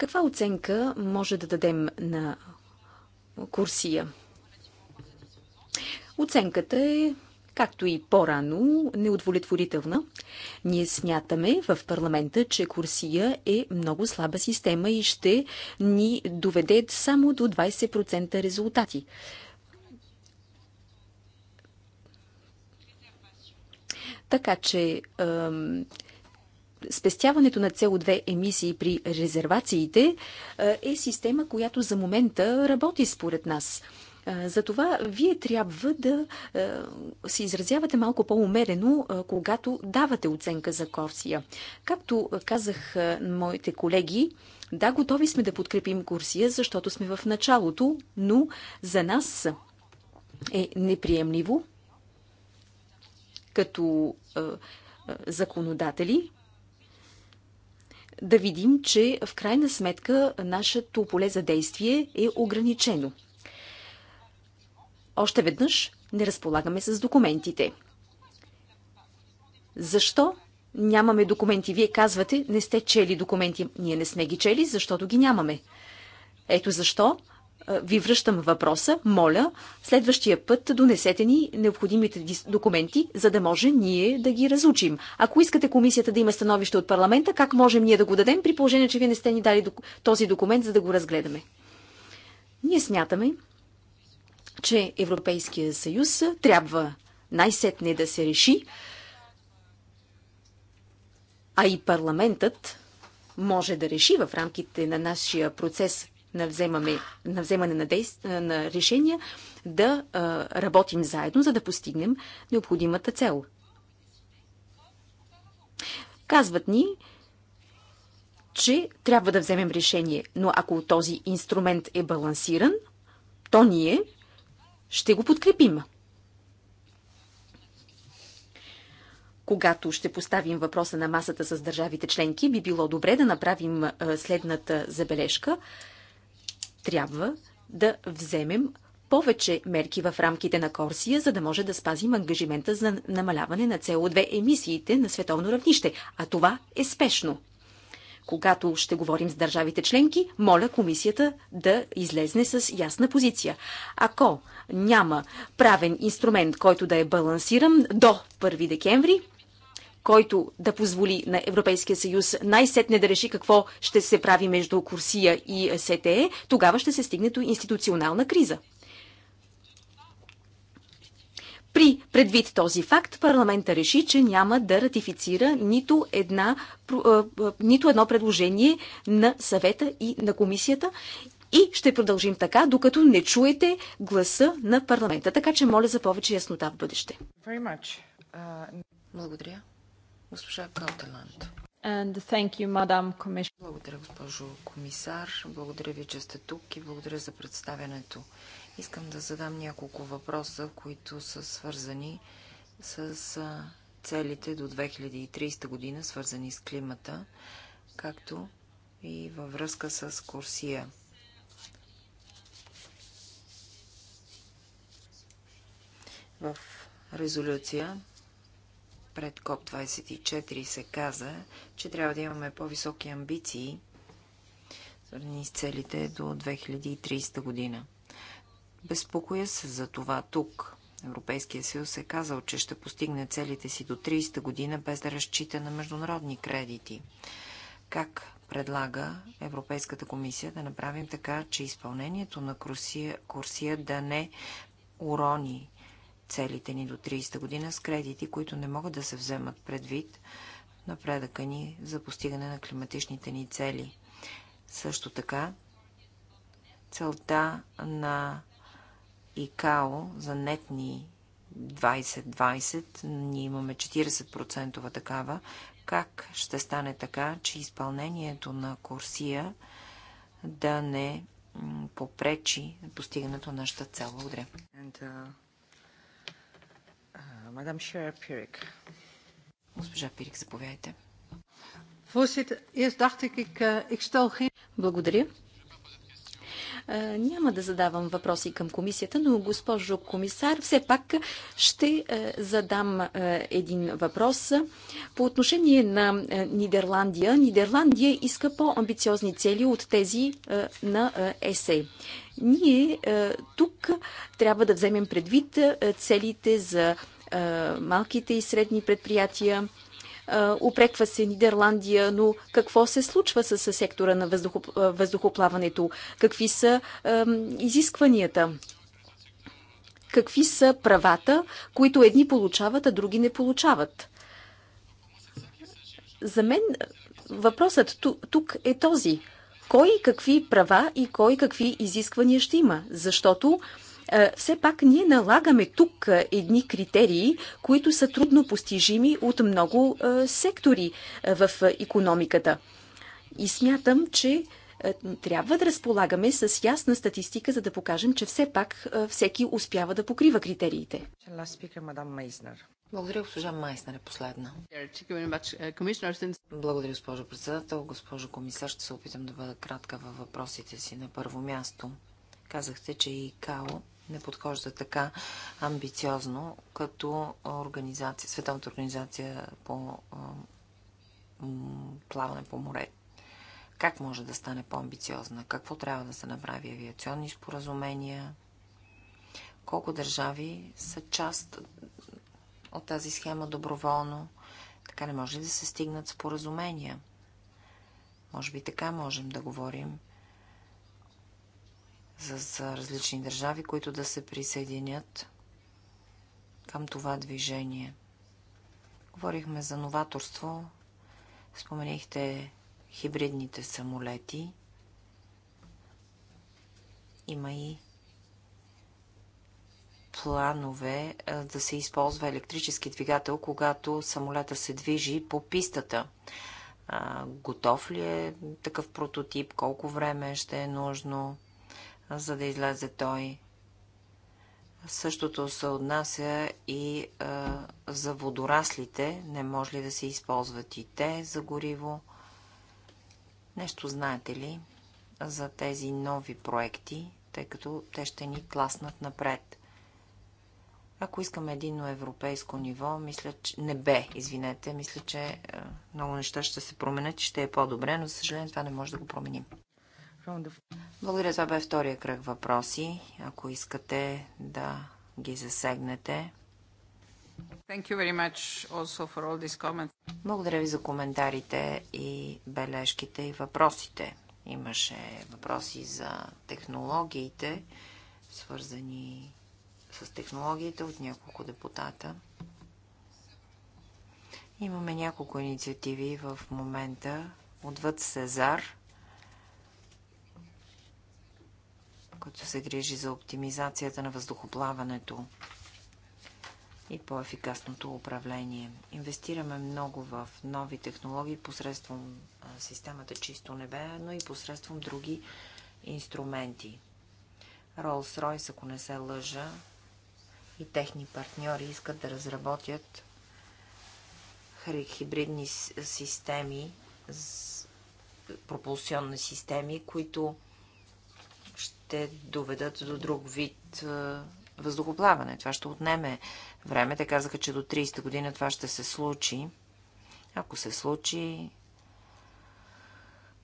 Каква оценка може да дадем на Курсия? Оценката е, както и по-рано, неудовлетворителна. Ние смятаме в парламента, че Курсия е много слаба система и ще ни доведе само до 20% резултати. Така че спестяването на CO2 емисии при резервациите е, е система, която за момента работи според нас. Е, затова вие трябва да е, се изразявате малко по-умерено, когато давате оценка за Корсия. Както казах моите колеги, да, готови сме да подкрепим Курсия, защото сме в началото, но за нас е неприемливо като законодатели да видим, че в крайна сметка нашето поле за действие е ограничено. Още веднъж не разполагаме с документите. Защо нямаме документи? Вие казвате, не сте чели документи. Ние не сме ги чели, защото ги нямаме. Ето защо ви връщам въпроса. Моля, следващия път донесете ни необходимите документи, за да може ние да ги разучим. Ако искате комисията да има становище от парламента, как можем ние да го дадем, при положение, че вие не сте ни дали този документ, за да го разгледаме? Ние смятаме, че Европейския съюз трябва най-сетне да се реши, а и парламентът може да реши в рамките на нашия процес на, вземаме, на вземане на, действ... на решения, да а, работим заедно, за да постигнем необходимата цел. Казват ни, че трябва да вземем решение, но ако този инструмент е балансиран, то ние ще го подкрепим. Когато ще поставим въпроса на масата с държавите членки, би било добре да направим следната забележка – трябва да вземем повече мерки в рамките на Корсия, за да може да спазим ангажимента за намаляване на CO2 емисиите на световно равнище. А това е спешно. Когато ще говорим с държавите членки, моля комисията да излезне с ясна позиция. Ако няма правен инструмент, който да е балансиран до 1 декември, който да позволи на Европейския съюз най-сетне да реши какво ще се прави между Курсия и СТЕ, тогава ще се стигне до институционална криза. При предвид този факт, парламента реши, че няма да ратифицира нито, една, нито едно предложение на съвета и на комисията и ще продължим така, докато не чуете гласа на парламента. Така че моля за повече яснота в бъдеще. Uh, Благодаря. Госпожа Калтеланд. You, благодаря, госпожо комисар. Благодаря ви, че сте тук и благодаря за представянето. Искам да задам няколко въпроса, които са свързани с целите до 2030 година, свързани с климата, както и във връзка с Курсия. В резолюция пред КОП-24 се каза, че трябва да имаме по-високи амбиции, свързани с целите до 2030 година. Безпокоя се за това тук. Европейския съюз е казал, че ще постигне целите си до 30 година, без да разчита на международни кредити. Как предлага Европейската комисия да направим така, че изпълнението на курсия, курсия да не урони целите ни до 30-та година с кредити, които не могат да се вземат предвид в напредъка ни за постигане на климатичните ни цели. Също така, целта на ИКАО за нетни 2020, ние имаме 40% такава, как ще стане така, че изпълнението на курсия да не попречи постигането на нашата цел. Благодаря. Uh, Мадам Шера Пирик. Госпожа Пирик, заповядайте. Eh, Благодаря. Е, няма да задавам въпроси към комисията, но госпожо комисар, все пак ще е, задам е, един въпрос. По отношение на Нидерландия, Нидерландия иска по-амбициозни цели от тези на ЕСЕ ние тук трябва да вземем предвид целите за е, малките и средни предприятия. Е, упреква се Нидерландия, но какво се случва с сектора на е, въздухоплаването? Какви са изискванията? Какви са правата, които едни получават, а други не получават? За мен въпросът тук е този. Кой какви права и кой какви изисквания ще има? Защото е, все пак ние налагаме тук е, едни критерии, които са трудно постижими от много е, сектори в економиката. И смятам, че трябва да разполагаме с ясна статистика, за да покажем, че все пак всеки успява да покрива критериите. Благодаря, госпожа Майснер е последна. Благодаря, госпожо председател. Госпожо комисар, ще се опитам да бъда кратка във въпросите си на първо място. Казахте, че и КАО не подхожда така амбициозно, като организация, Световната организация по плаване по море. Как може да стане по-амбициозна? Какво трябва да се направи? Авиационни споразумения? Колко държави са част от тази схема доброволно? Така не може ли да се стигнат споразумения? Може би така можем да говорим с различни държави, които да се присъединят към това движение. Говорихме за новаторство, споменихте хибридните самолети. Има и планове да се използва електрически двигател, когато самолета се движи по пистата. готов ли е такъв прототип? Колко време ще е нужно? за да излезе той. Същото се отнася и а, за водораслите. Не може ли да се използват и те за гориво? Нещо знаете ли за тези нови проекти, тъй като те ще ни тласнат напред? Ако искаме единно европейско ниво, мисля, че... Не бе, извинете. Мисля, че много неща ще се променят и ще е по-добре, но, за съжаление, това не може да го променим. Благодаря. Това бе втория кръг въпроси. Ако искате да ги засегнете. Благодаря ви за коментарите и бележките и въпросите. Имаше въпроси за технологиите, свързани с технологиите от няколко депутата. Имаме няколко инициативи в момента отвъд Сезар – който се грижи за оптимизацията на въздухоплаването и по-ефикасното управление. Инвестираме много в нови технологии посредством системата Чисто небе, но и посредством други инструменти. Rolls-Royce, ако не се лъжа, и техни партньори искат да разработят хибридни системи, пропулсионни системи, които ще доведат до друг вид е, въздухоплаване. Това ще отнеме време. Те казаха, че до 30 година това ще се случи. Ако се случи,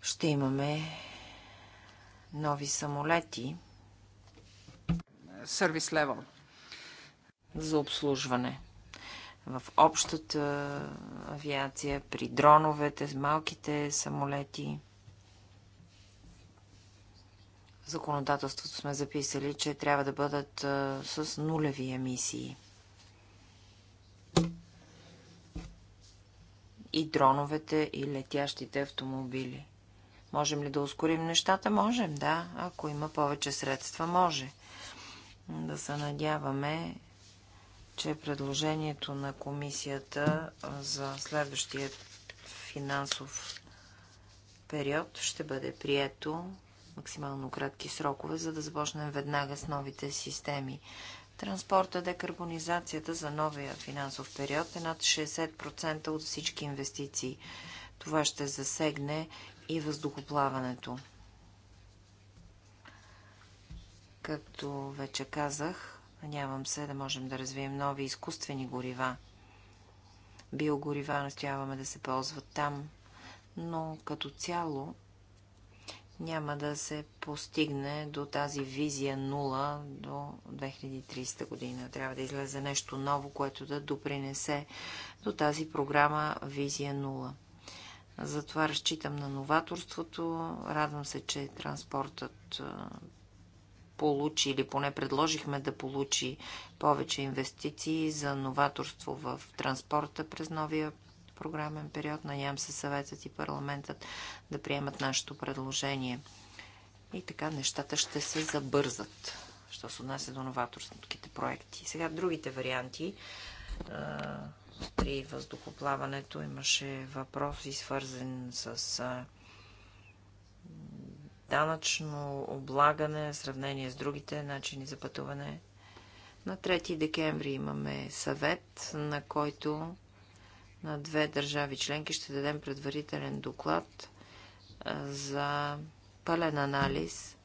ще имаме нови самолети. Сервис левел. За обслужване. В общата авиация, при дроновете, малките самолети законодателството сме записали, че трябва да бъдат с нулеви емисии. И дроновете, и летящите автомобили. Можем ли да ускорим нещата? Можем, да. Ако има повече средства, може. Да се надяваме, че предложението на комисията за следващия финансов период ще бъде прието максимално кратки срокове, за да започнем веднага с новите системи. Транспорта, декарбонизацията за новия финансов период е над 60% от всички инвестиции. Това ще засегне и въздухоплаването. Както вече казах, надявам се да можем да развием нови изкуствени горива. Биогорива настояваме да се ползват там, но като цяло няма да се постигне до тази визия 0 до 2300 година. Трябва да излезе нещо ново, което да допринесе до тази програма визия 0. Затова разчитам на новаторството. Радвам се, че транспортът получи или поне предложихме да получи повече инвестиции за новаторство в транспорта през новия програмен период. Надявам се съветът и парламентът да приемат нашето предложение. И така нещата ще се забързат, що се отнася до новаторските проекти. Сега другите варианти. При въздухоплаването имаше въпроси, свързан с данъчно облагане в сравнение с другите начини за пътуване. На 3 декември имаме съвет, на който на две държави членки ще дадем предварителен доклад за пълен анализ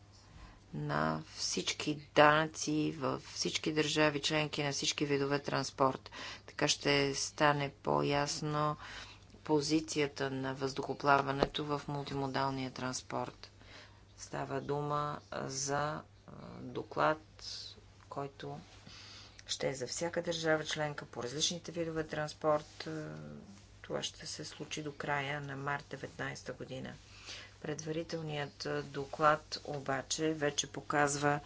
на всички данъци във всички държави членки на всички видове транспорт. Така ще стане по-ясно позицията на въздухоплаването в мултимодалния транспорт. Става дума за доклад, който ще е за всяка държава членка по различните видове транспорт. Е, това ще се случи до края на март 19 година. Предварителният е, доклад обаче вече показва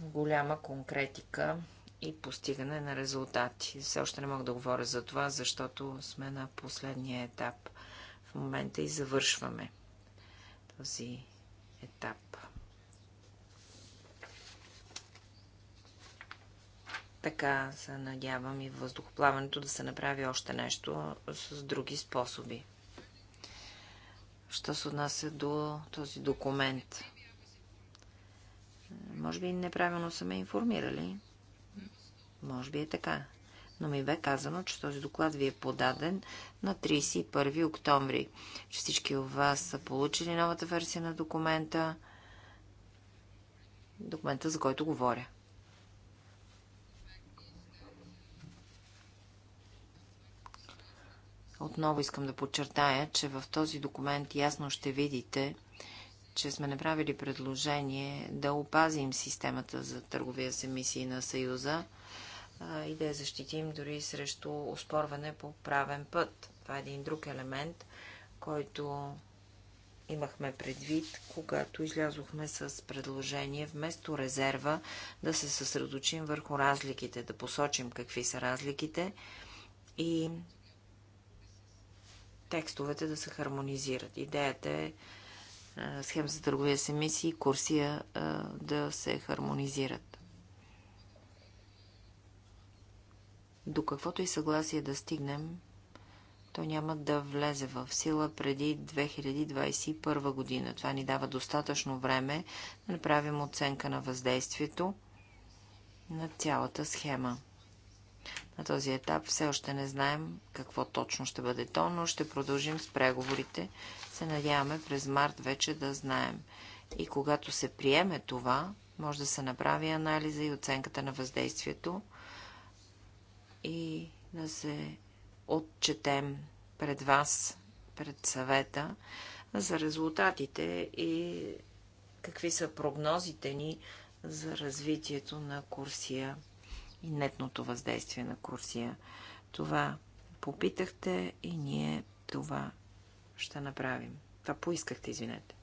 голяма конкретика и постигане на резултати. Все още не мога да говоря за това, защото сме на последния етап. В момента и завършваме този етап. Така се надявам и въздухоплаването да се направи още нещо с други способи. Що се отнася до този документ? Може би неправилно са ме информирали. Може би е така. Но ми бе казано, че този доклад ви е подаден на 31 октомври. Че всички от вас са получили новата версия на документа. Документа, за който говоря. Отново искам да подчертая, че в този документ ясно ще видите, че сме направили предложение да опазим системата за търговия с емисии на Съюза и да я защитим дори срещу оспорване по правен път. Това е един друг елемент, който имахме предвид, когато излязохме с предложение вместо резерва да се съсредочим върху разликите, да посочим какви са разликите и текстовете да се хармонизират. Идеята е схем за търговия с емисии, курсия да се хармонизират. До каквото и съгласие да стигнем, то няма да влезе в сила преди 2021 година. Това ни дава достатъчно време да направим оценка на въздействието на цялата схема. На този етап все още не знаем какво точно ще бъде то, но ще продължим с преговорите. Се надяваме през март вече да знаем. И когато се приеме това, може да се направи анализа и оценката на въздействието и да се отчетем пред вас, пред съвета за резултатите и какви са прогнозите ни за развитието на курсия и нетното въздействие на курсия. Това попитахте и ние това ще направим. Това поискахте, извинете.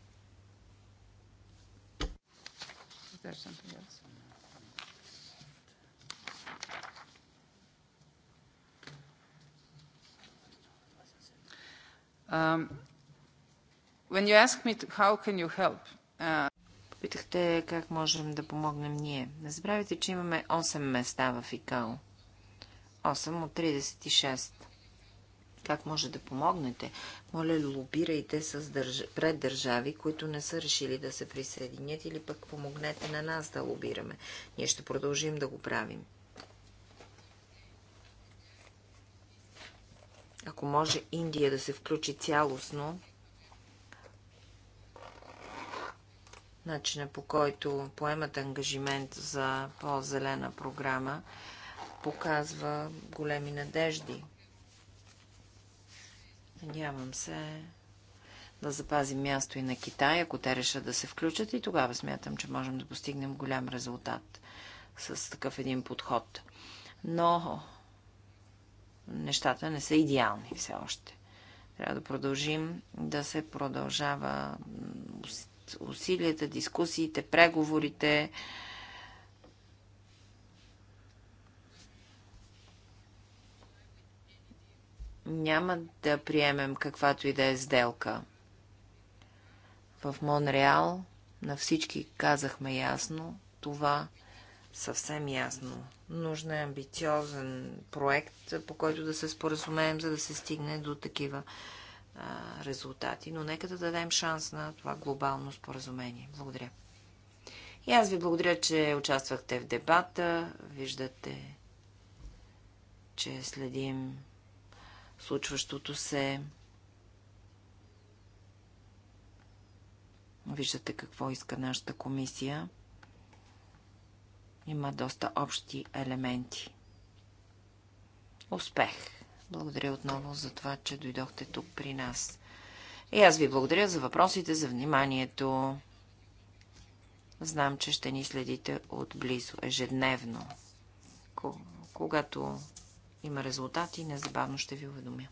Um, when you ask me to, how can you help, uh... Питахте как можем да помогнем ние. Не забравяйте, че имаме 8 места в ИКАО. 8 от 36. Как може да помогнете? Моля, лобирайте с държ... пред държави, които не са решили да се присъединят или пък помогнете на нас да лобираме. Ние ще продължим да го правим. Ако може Индия да се включи цялостно, начина по който поемат ангажимент за по-зелена програма показва големи надежди. Надявам се да запазим място и на Китай, ако те решат да се включат и тогава смятам, че можем да постигнем голям резултат с такъв един подход. Но нещата не са идеални все още. Трябва да продължим да се продължава усилията, дискусиите, преговорите. Няма да приемем каквато и да е сделка. В Монреал на всички казахме ясно това съвсем ясно. Нужен е амбициозен проект, по който да се споразумеем, за да се стигне до такива резултати, но нека да дадем шанс на това глобално споразумение. Благодаря. И аз ви благодаря, че участвахте в дебата. Виждате, че следим случващото се. Виждате какво иска нашата комисия. Има доста общи елементи. Успех! Благодаря отново за това, че дойдохте тук при нас. И аз ви благодаря за въпросите, за вниманието. Знам, че ще ни следите отблизо, ежедневно. Когато има резултати, незабавно ще ви уведомя.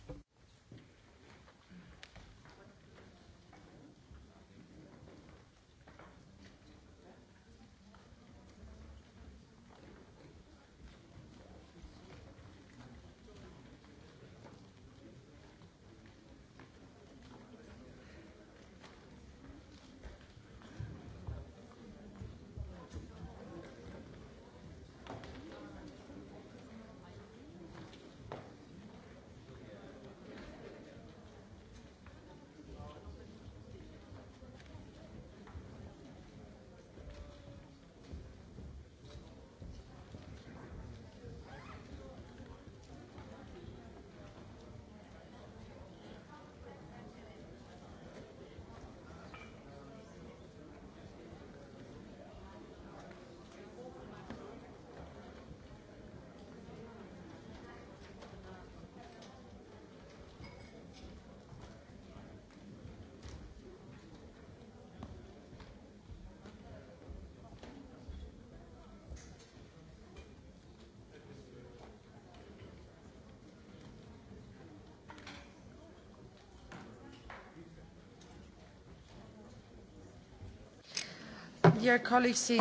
Uh,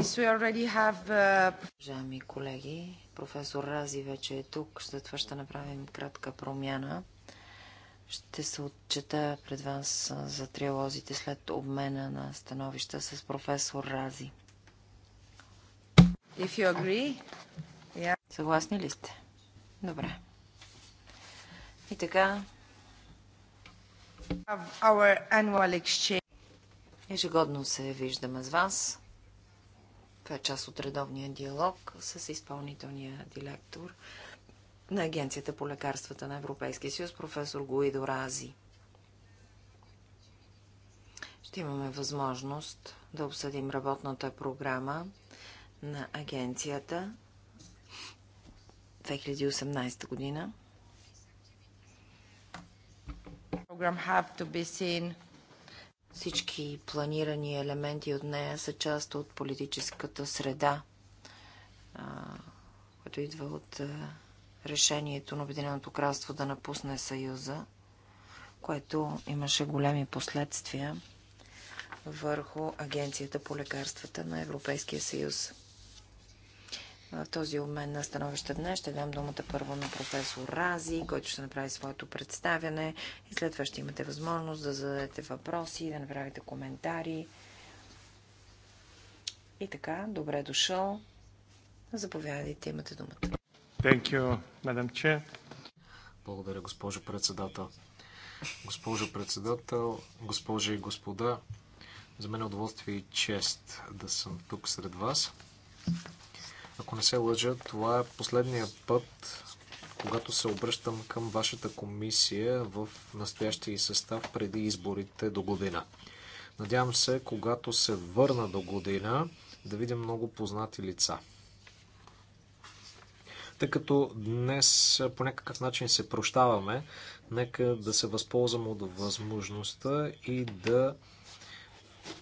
Уважаеми колеги, професор Рази вече е тук. След това ще направим кратка промяна. Ще се отчета пред вас за триалозите след обмена на становища с професор Рази. If you agree, yeah. Съгласни ли сте? Добре. И така. Ежегодно се виждаме с вас. Това е част от редовния диалог с изпълнителния директор на Агенцията по лекарствата на Европейския съюз, професор Гуидо Рази. Ще имаме възможност да обсъдим работната програма на агенцията 2018 година. Program have to be seen всички планирани елементи от нея са част от политическата среда, която идва от решението на Обединеното кралство да напусне Съюза, което имаше големи последствия върху Агенцията по лекарствата на Европейския съюз. В този обмен на становище днес ще дам думата първо на професор Рази, който ще направи своето представяне и след това ще имате възможност да зададете въпроси, да направите коментари. И така, добре дошъл. Заповядайте, имате думата. Thank you, Madam Chair. Благодаря, госпожо председател. Госпожо председател, госпожи и господа, за мен е удоволствие и чест да съм тук сред вас. Ако не се лъжа, това е последния път, когато се обръщам към вашата комисия в настоящия състав преди изборите до година. Надявам се, когато се върна до година, да видя много познати лица. Тъй като днес по някакъв начин се прощаваме, нека да се възползвам от възможността и да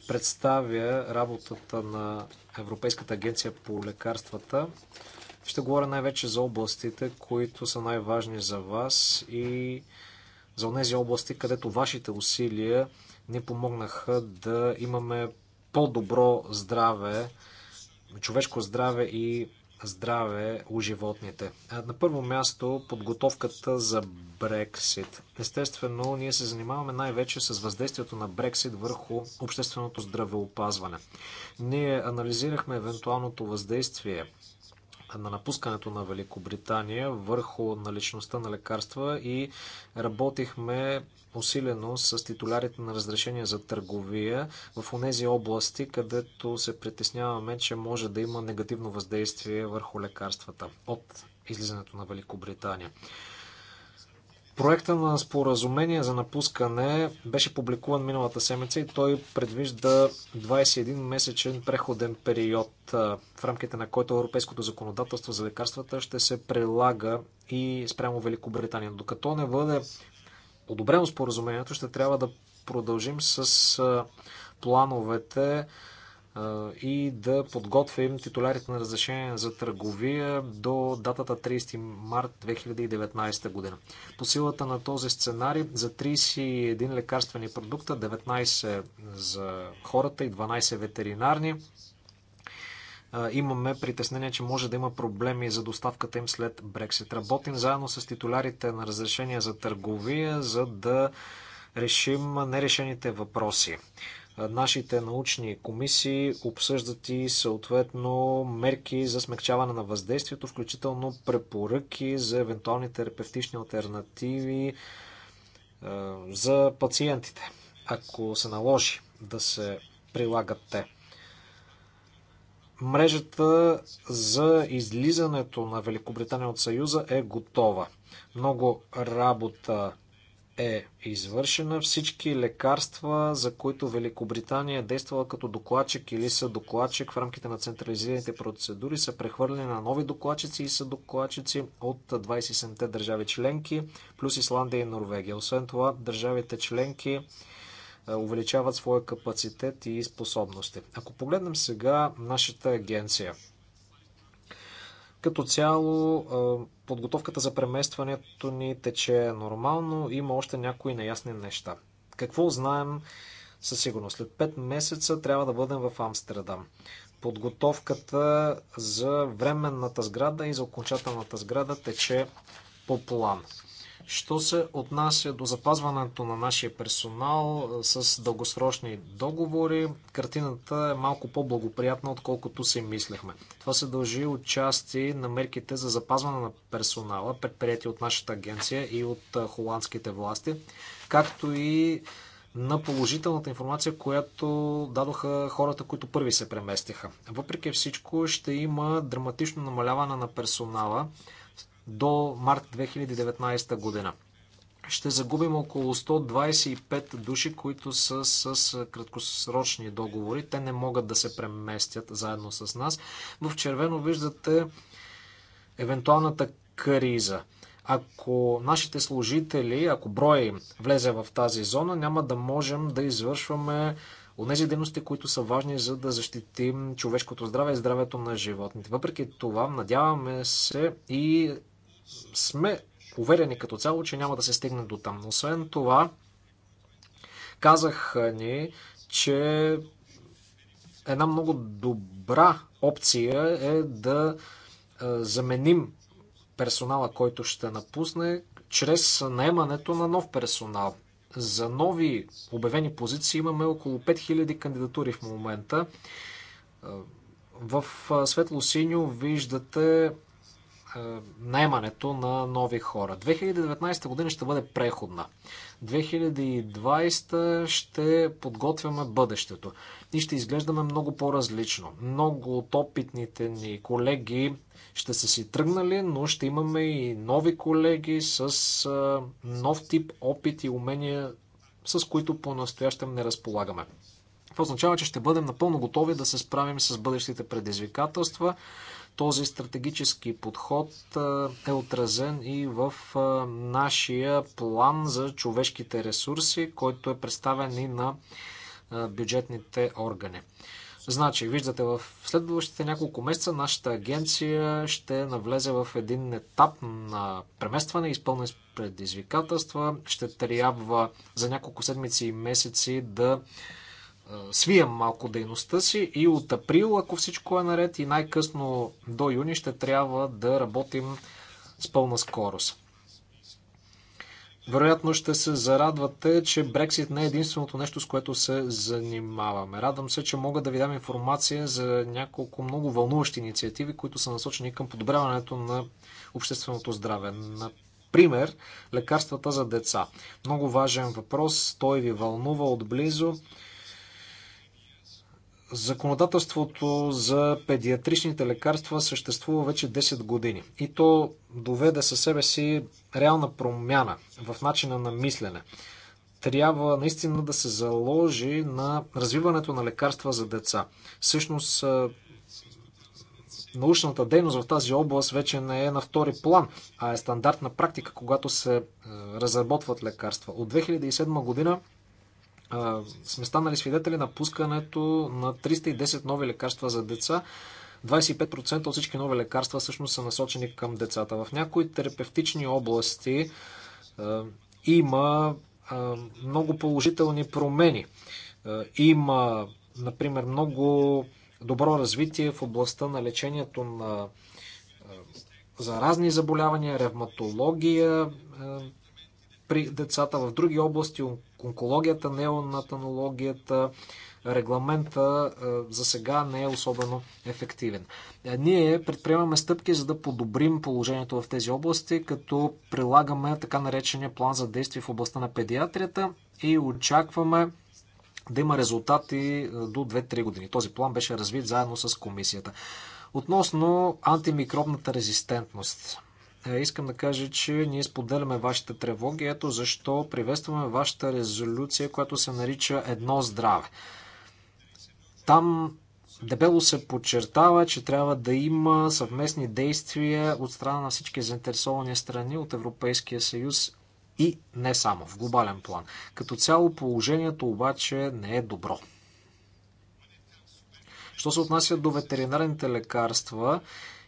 представя работата на Европейската агенция по лекарствата. Ще говоря най-вече за областите, които са най-важни за вас и за тези области, където вашите усилия ни помогнаха да имаме по-добро здраве, човешко здраве и здраве у животните. Е, на първо място подготовката за Брексит. Естествено, ние се занимаваме най-вече с въздействието на Брексит върху общественото здравеопазване. Ние анализирахме евентуалното въздействие на напускането на Великобритания върху наличността на лекарства и работихме усилено с титулярите на разрешение за търговия в тези области, където се притесняваме, че може да има негативно въздействие върху лекарствата от излизането на Великобритания. Проекта на споразумение за напускане беше публикуван миналата седмица и той предвижда 21-месечен преходен период, в рамките на който европейското законодателство за лекарствата ще се прилага и спрямо Великобритания. Докато не бъде одобрено споразумението, ще трябва да продължим с плановете и да подготвим титулярите на разрешение за търговия до датата 30 март 2019 година. По силата на този сценарий за 31 лекарствени продукта, 19 за хората и 12 ветеринарни, имаме притеснение, че може да има проблеми за доставката им след Брексит. Работим заедно с титулярите на разрешение за търговия, за да решим нерешените въпроси нашите научни комисии обсъждат и съответно мерки за смягчаване на въздействието, включително препоръки за евентуални терапевтични альтернативи за пациентите, ако се наложи да се прилагат те. Мрежата за излизането на Великобритания от Съюза е готова. Много работа е извършена. Всички лекарства, за които Великобритания е действала като докладчик или са докладчик в рамките на централизираните процедури, са прехвърлени на нови докладчици и са докладчици от 27-те държави членки, плюс Исландия и Норвегия. Освен това, държавите членки е, увеличават своя капацитет и способности. Ако погледнем сега нашата агенция – като цяло, подготовката за преместването ни тече нормално. Има още някои неясни неща. Какво знаем със сигурност? След 5 месеца трябва да бъдем в Амстердам. Подготовката за временната сграда и за окончателната сграда тече по план. Що се отнася до запазването на нашия персонал с дългосрочни договори, картината е малко по-благоприятна, отколкото си мислехме. Това се дължи от части на мерките за запазване на персонала, предприяти от нашата агенция и от холандските власти, както и на положителната информация, която дадоха хората, които първи се преместиха. Въпреки всичко, ще има драматично намаляване на персонала до март 2019 година. Ще загубим около 125 души, които са с краткосрочни договори. Те не могат да се преместят заедно с нас. но В червено виждате евентуалната криза ако нашите служители, ако броя им влезе в тази зона, няма да можем да извършваме тези дейности, които са важни за да защитим човешкото здраве и здравето на животните. Въпреки това, надяваме се и сме уверени като цяло, че няма да се стигне до там. Освен това, казах ни, че една много добра опция е да заменим персонала, който ще напусне, чрез наемането на нов персонал. За нови обявени позиции имаме около 5000 кандидатури в момента. В светло-синьо виждате е, наймането на нови хора. 2019 година ще бъде преходна. 2020 ще подготвяме бъдещето и ще изглеждаме много по-различно. Много от опитните ни колеги ще са си тръгнали, но ще имаме и нови колеги с е, нов тип опит и умения, с които по-настоящем не разполагаме. Това означава, че ще бъдем напълно готови да се справим с бъдещите предизвикателства, този стратегически подход е отразен и в нашия план за човешките ресурси, който е представен и на бюджетните органи. Значи, виждате, в следващите няколко месеца нашата агенция ще навлезе в един етап на преместване, изпълнен с предизвикателства. Ще трябва за няколко седмици и месеци да е, свием малко дейността си и от април, ако всичко е наред, и най-късно до юни ще трябва да работим с пълна скорост. Вероятно ще се зарадвате, че Брексит не е единственото нещо, с което се занимаваме. Радвам се, че мога да ви дам информация за няколко много вълнуващи инициативи, които са насочени към подобряването на общественото здраве. Например, лекарствата за деца. Много важен въпрос, той ви вълнува отблизо. Законодателството за педиатричните лекарства съществува вече 10 години и то доведе със себе си реална промяна в начина на мислене. Трябва наистина да се заложи на развиването на лекарства за деца. Всъщност, научната дейност в тази област вече не е на втори план, а е стандартна практика, когато се разработват лекарства. От 2007 година сме станали свидетели на пускането на 310 нови лекарства за деца. 25% от всички нови лекарства всъщност са насочени към децата. В някои терапевтични области има много положителни промени. Има, например, много добро развитие в областта на лечението на заразни заболявания, ревматология при децата, в други области онкологията, неонатанологията, регламента е, за сега не е особено ефективен. Е, ние предприемаме стъпки за да подобрим положението в тези области, като прилагаме така наречения план за действие в областта на педиатрията и очакваме да има резултати е, до 2-3 години. Този план беше развит заедно с комисията. Относно антимикробната резистентност. Е, искам да кажа, че ние споделяме вашите тревоги. Ето защо приветстваме вашата резолюция, която се нарича Едно здраве. Там дебело се подчертава, че трябва да има съвместни действия от страна на всички заинтересовани страни от Европейския съюз и не само, в глобален план. Като цяло положението обаче не е добро. Що се отнася до ветеринарните лекарства,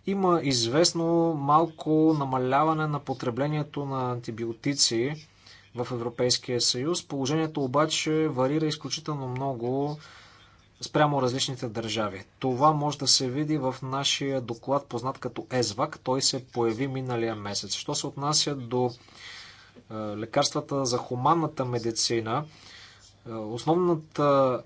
има известно малко намаляване на потреблението на антибиотици в Европейския съюз. Положението обаче варира изключително много спрямо различните държави. Това може да се види в нашия доклад, познат като ЕЗВАК. Той се появи миналия месец. Що се отнася до е, лекарствата за хуманната медицина, е, основната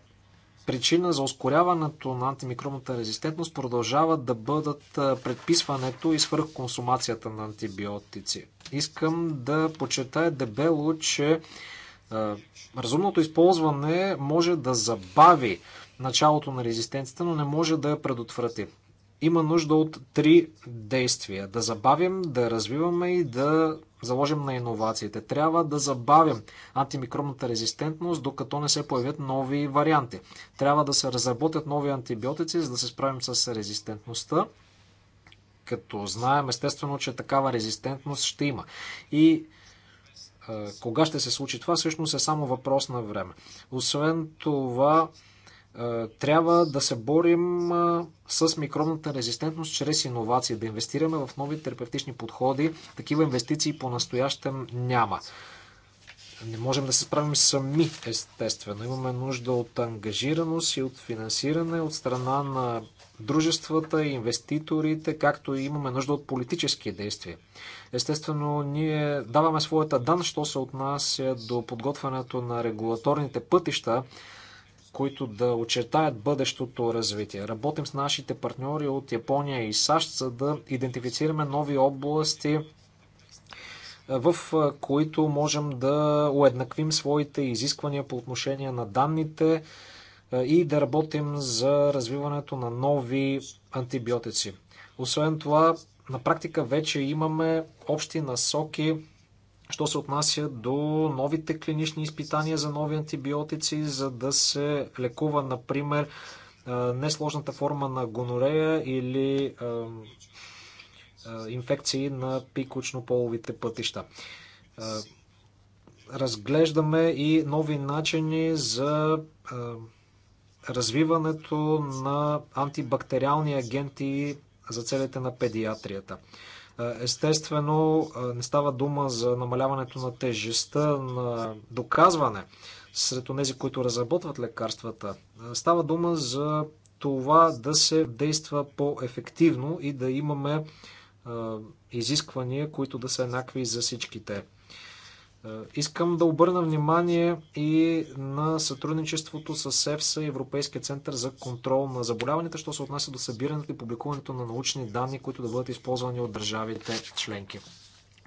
причина за ускоряването на антимикробната резистентност продължава да бъдат предписването и свърхконсумацията на антибиотици. Искам да почетая дебело, че разумното използване може да забави началото на резистенцията, но не може да я предотврати има нужда от три действия. Да забавим, да развиваме и да заложим на иновациите. Трябва да забавим антимикробната резистентност, докато не се появят нови варианти. Трябва да се разработят нови антибиотици, за да се справим с резистентността. Като знаем естествено, че такава резистентност ще има. И е, кога ще се случи това, всъщност е само въпрос на време. Освен това, е, трябва да се борим е, с микробната резистентност чрез иновации, да инвестираме в нови терапевтични подходи. Такива инвестиции по-настоящем няма. Не можем да се справим сами, естествено. Имаме нужда от ангажираност и от финансиране от страна на дружествата и инвеститорите, както и имаме нужда от политически действия. Естествено, ние даваме своята дан, що се отнася до подготвянето на регулаторните пътища които да очертаят бъдещото развитие. Работим с нашите партньори от Япония и САЩ, за да идентифицираме нови области, в които можем да уеднаквим своите изисквания по отношение на данните и да работим за развиването на нови антибиотици. Освен това, на практика вече имаме общи насоки що се отнася до новите клинични изпитания за нови антибиотици, за да се лекува, например, несложната форма на гонорея или инфекции на пикочно-половите пътища. Разглеждаме и нови начини за развиването на антибактериални агенти за целите на педиатрията. Е, естествено, е, не става дума за намаляването на тежестта, на доказване сред тези, които разработват лекарствата. Е, става дума за това да се действа по-ефективно и да имаме изисквания, които да са еднакви за всичките. Е, искам да обърна внимание и на сътрудничеството с ЕФСА и Европейския център за контрол на заболяванията, що се отнася до събирането и публикуването на научни данни, които да бъдат използвани от държавите членки.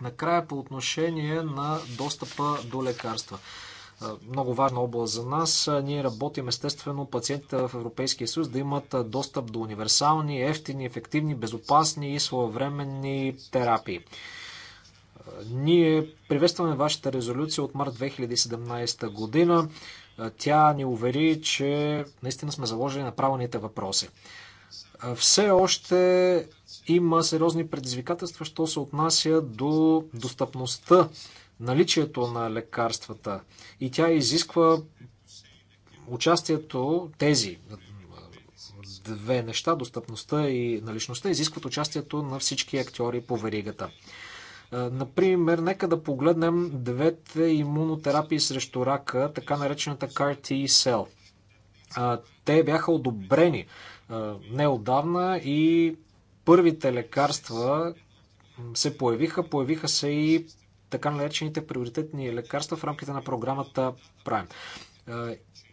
Накрая по отношение на достъпа до лекарства. Е, много важна област за нас. Ние работим естествено пациентите в Европейския съюз да имат достъп до универсални, ефтини, ефективни, безопасни и своевременни терапии. Ние приветстваме вашата резолюция от март 2017 година. Тя ни увери, че наистина сме заложили на правилните въпроси. Все още има сериозни предизвикателства, що се отнася до достъпността, наличието на лекарствата. И тя изисква участието, тези две неща, достъпността и наличността, изискват участието на всички актьори по веригата. Например, нека да погледнем двете имунотерапии срещу рака, така наречената CAR-T cell. Те бяха одобрени неодавна и първите лекарства се появиха. Появиха се и така наречените приоритетни лекарства в рамките на програмата Prime.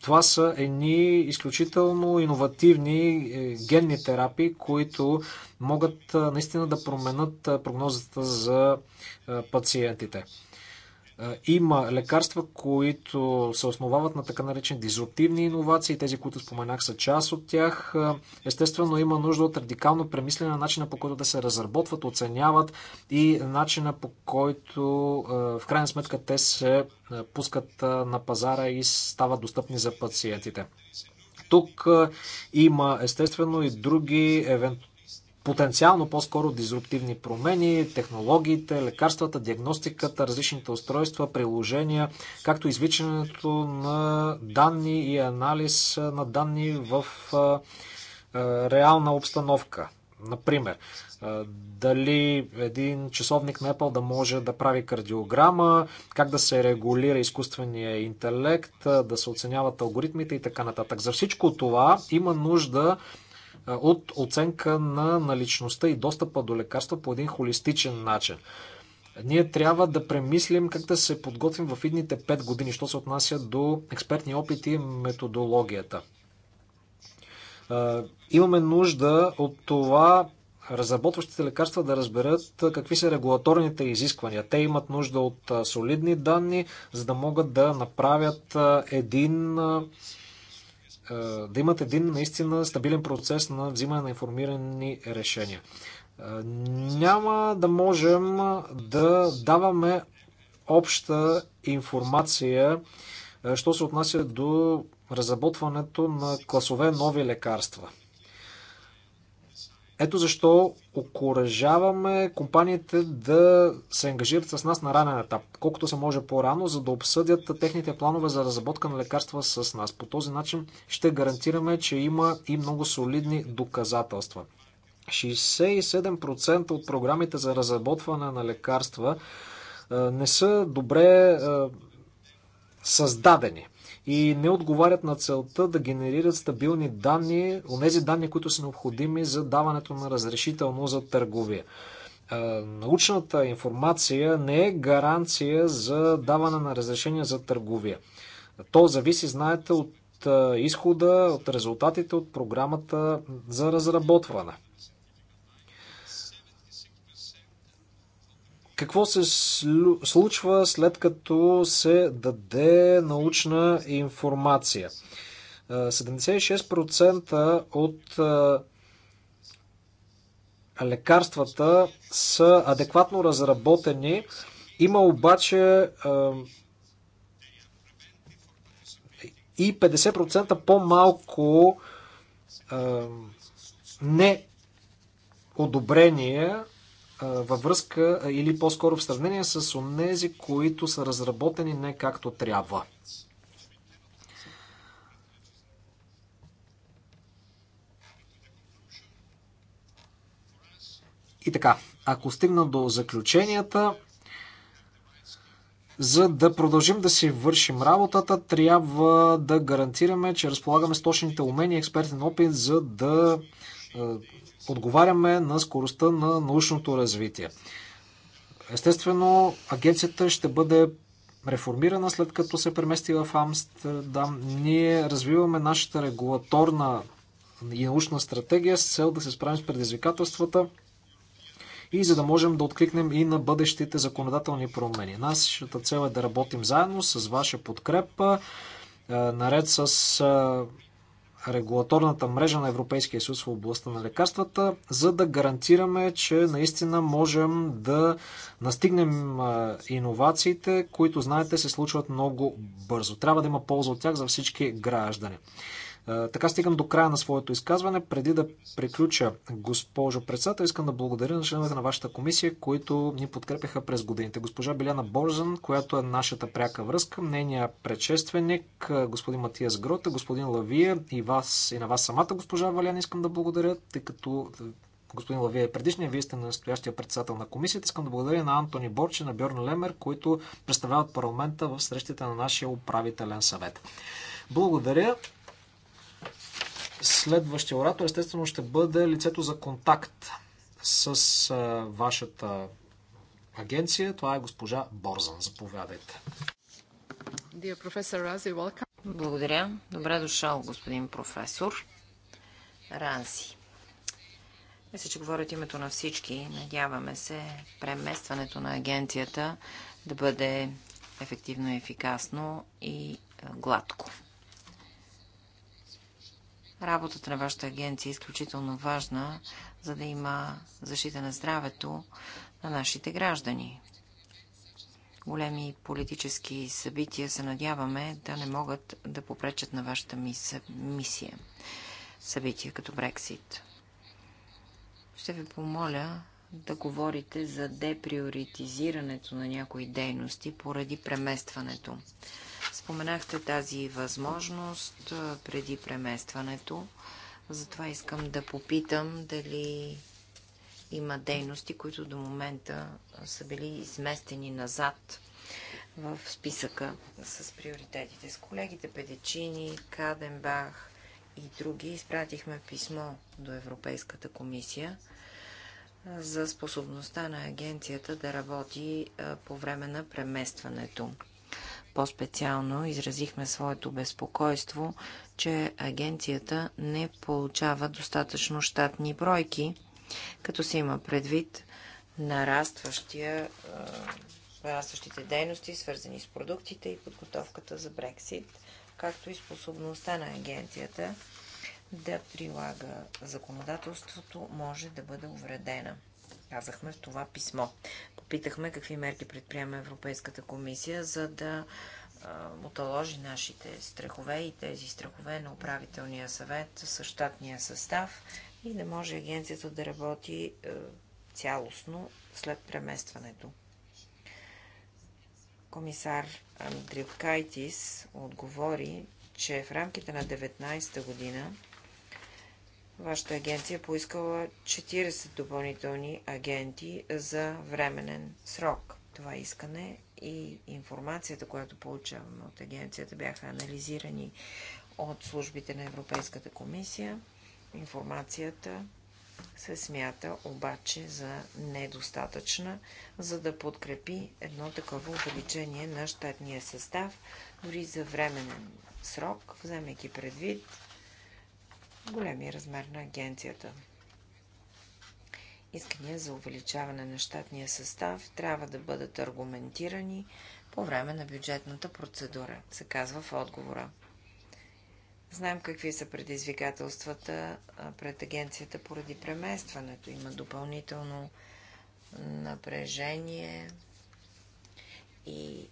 Това са едни изключително иновативни е, генни терапии, които могат наистина да променят прогнозата за пациентите. Е, има лекарства, които се основават на така наречени дизруптивни иновации. Тези, които споменах, са част от тях. Е, естествено, има нужда от радикално премислене на начина по който да се разработват, оценяват и начина по който е, в крайна сметка те се пускат на пазара и стават достъпни за пациентите. Тук има естествено и други евентуални потенциално по-скоро дизруптивни промени, технологиите, лекарствата, диагностиката, различните устройства, приложения, както извличането на данни и анализ на данни в реална обстановка. Например, дали един часовник на Apple да може да прави кардиограма, как да се регулира изкуствения интелект, да се оценяват алгоритмите и така нататък. За всичко това има нужда от оценка на наличността и достъпа до лекарства по един холистичен начин. Ние трябва да премислим как да се подготвим в идните 5 години, що се отнася до експертни опити и методологията. Имаме нужда от това разработващите лекарства да разберат какви са регулаторните изисквания. Те имат нужда от солидни данни, за да могат да направят един е, да имат един наистина стабилен процес на взимане на информирани решения. Е, няма да можем да даваме обща информация, е, що се отнася до разработването на класове нови лекарства. Ето защо окоръжаваме компаниите да се ангажират с нас на ранен етап, колкото се може по-рано, за да обсъдят техните планове за разработка на лекарства с нас. По този начин ще гарантираме, че има и много солидни доказателства. 67% от програмите за разработване на лекарства е, не са добре е, създадени и не отговарят на целта да генерират стабилни данни, онези данни, които са необходими за даването на разрешително за търговия. Научната информация не е гаранция за даване на разрешение за търговия. То зависи, знаете, от изхода, от резултатите от програмата за разработване. какво се случва след като се даде научна информация. 76% от лекарствата са адекватно разработени. Има обаче и 50% по-малко не одобрения във връзка или по-скоро в сравнение с онези, които са разработени не както трябва. И така, ако стигна до заключенията, за да продължим да си вършим работата, трябва да гарантираме, че разполагаме с точните умения и експертен опит, за да отговаряме на скоростта на научното развитие. Естествено, агенцията ще бъде реформирана след като се премести в Амстердам. Ние развиваме нашата регулаторна и научна стратегия с цел да се справим с предизвикателствата и за да можем да откликнем и на бъдещите законодателни промени. Нашата цел е да работим заедно с ваша подкрепа, е, наред с е, регулаторната мрежа на Европейския съюз в областта на лекарствата, за да гарантираме, че наистина можем да настигнем иновациите, които, знаете, се случват много бързо. Трябва да има полза от тях за всички граждани. Така стигам до края на своето изказване. Преди да приключа, госпожо председател, искам да благодаря на членовете на вашата комисия, които ни подкрепяха през годините. Госпожа Беляна Борзан, която е нашата пряка връзка, нейния предшественик, господин Матиас Грота, господин Лавия и вас и на вас самата госпожа Валяна искам да благодаря, тъй като господин Лавия е предишния, вие сте настоящия председател на комисията. Искам да благодаря на Антони Борче, на Бьорн Лемер, които представляват парламента в срещите на нашия управителен съвет. Благодаря. Следващия оратор, естествено, ще бъде лицето за контакт с вашата агенция. Това е госпожа Борзан. Заповядайте. Благодаря. Добре дошъл, господин професор Ранси. Мисля, че говорят името на всички. Надяваме се преместването на агенцията да бъде ефективно и ефикасно и гладко. Работата на вашата агенция е изключително важна, за да има защита на здравето на нашите граждани. Големи политически събития се надяваме да не могат да попречат на вашата мисия. Събития като Брексит. Ще ви помоля да говорите за деприоритизирането на някои дейности поради преместването. Споменахте тази възможност преди преместването. Затова искам да попитам дали има дейности, които до момента са били изместени назад в списъка с приоритетите. С колегите Педечини, Каденбах и други изпратихме писмо до Европейската комисия за способността на агенцията да работи по време на преместването. По-специално изразихме своето безпокойство, че агенцията не получава достатъчно щатни бройки, като се има предвид нарастващия нарастващите дейности, свързани с продуктите и подготовката за Брексит, както и способността на агенцията да прилага законодателството може да бъде увредена казахме в това писмо. Попитахме какви мерки предприема Европейската комисия, за да оталожи нашите страхове и тези страхове на управителния съвет с щатния състав и да може агенцията да работи е, цялостно след преместването. Комисар Кайтис отговори, че в рамките на 19-та година Вашата агенция е поискала 40 допълнителни агенти за временен срок. Това искане и информацията, която получаваме от агенцията, бяха анализирани от службите на Европейската комисия. Информацията се смята обаче за недостатъчна, за да подкрепи едно такова увеличение на щатния състав, дори за временен срок, вземайки предвид големия размер на агенцията. Искания за увеличаване на щатния състав трябва да бъдат аргументирани по време на бюджетната процедура, се казва в отговора. Знаем какви са предизвикателствата пред агенцията поради преместването. Има допълнително напрежение и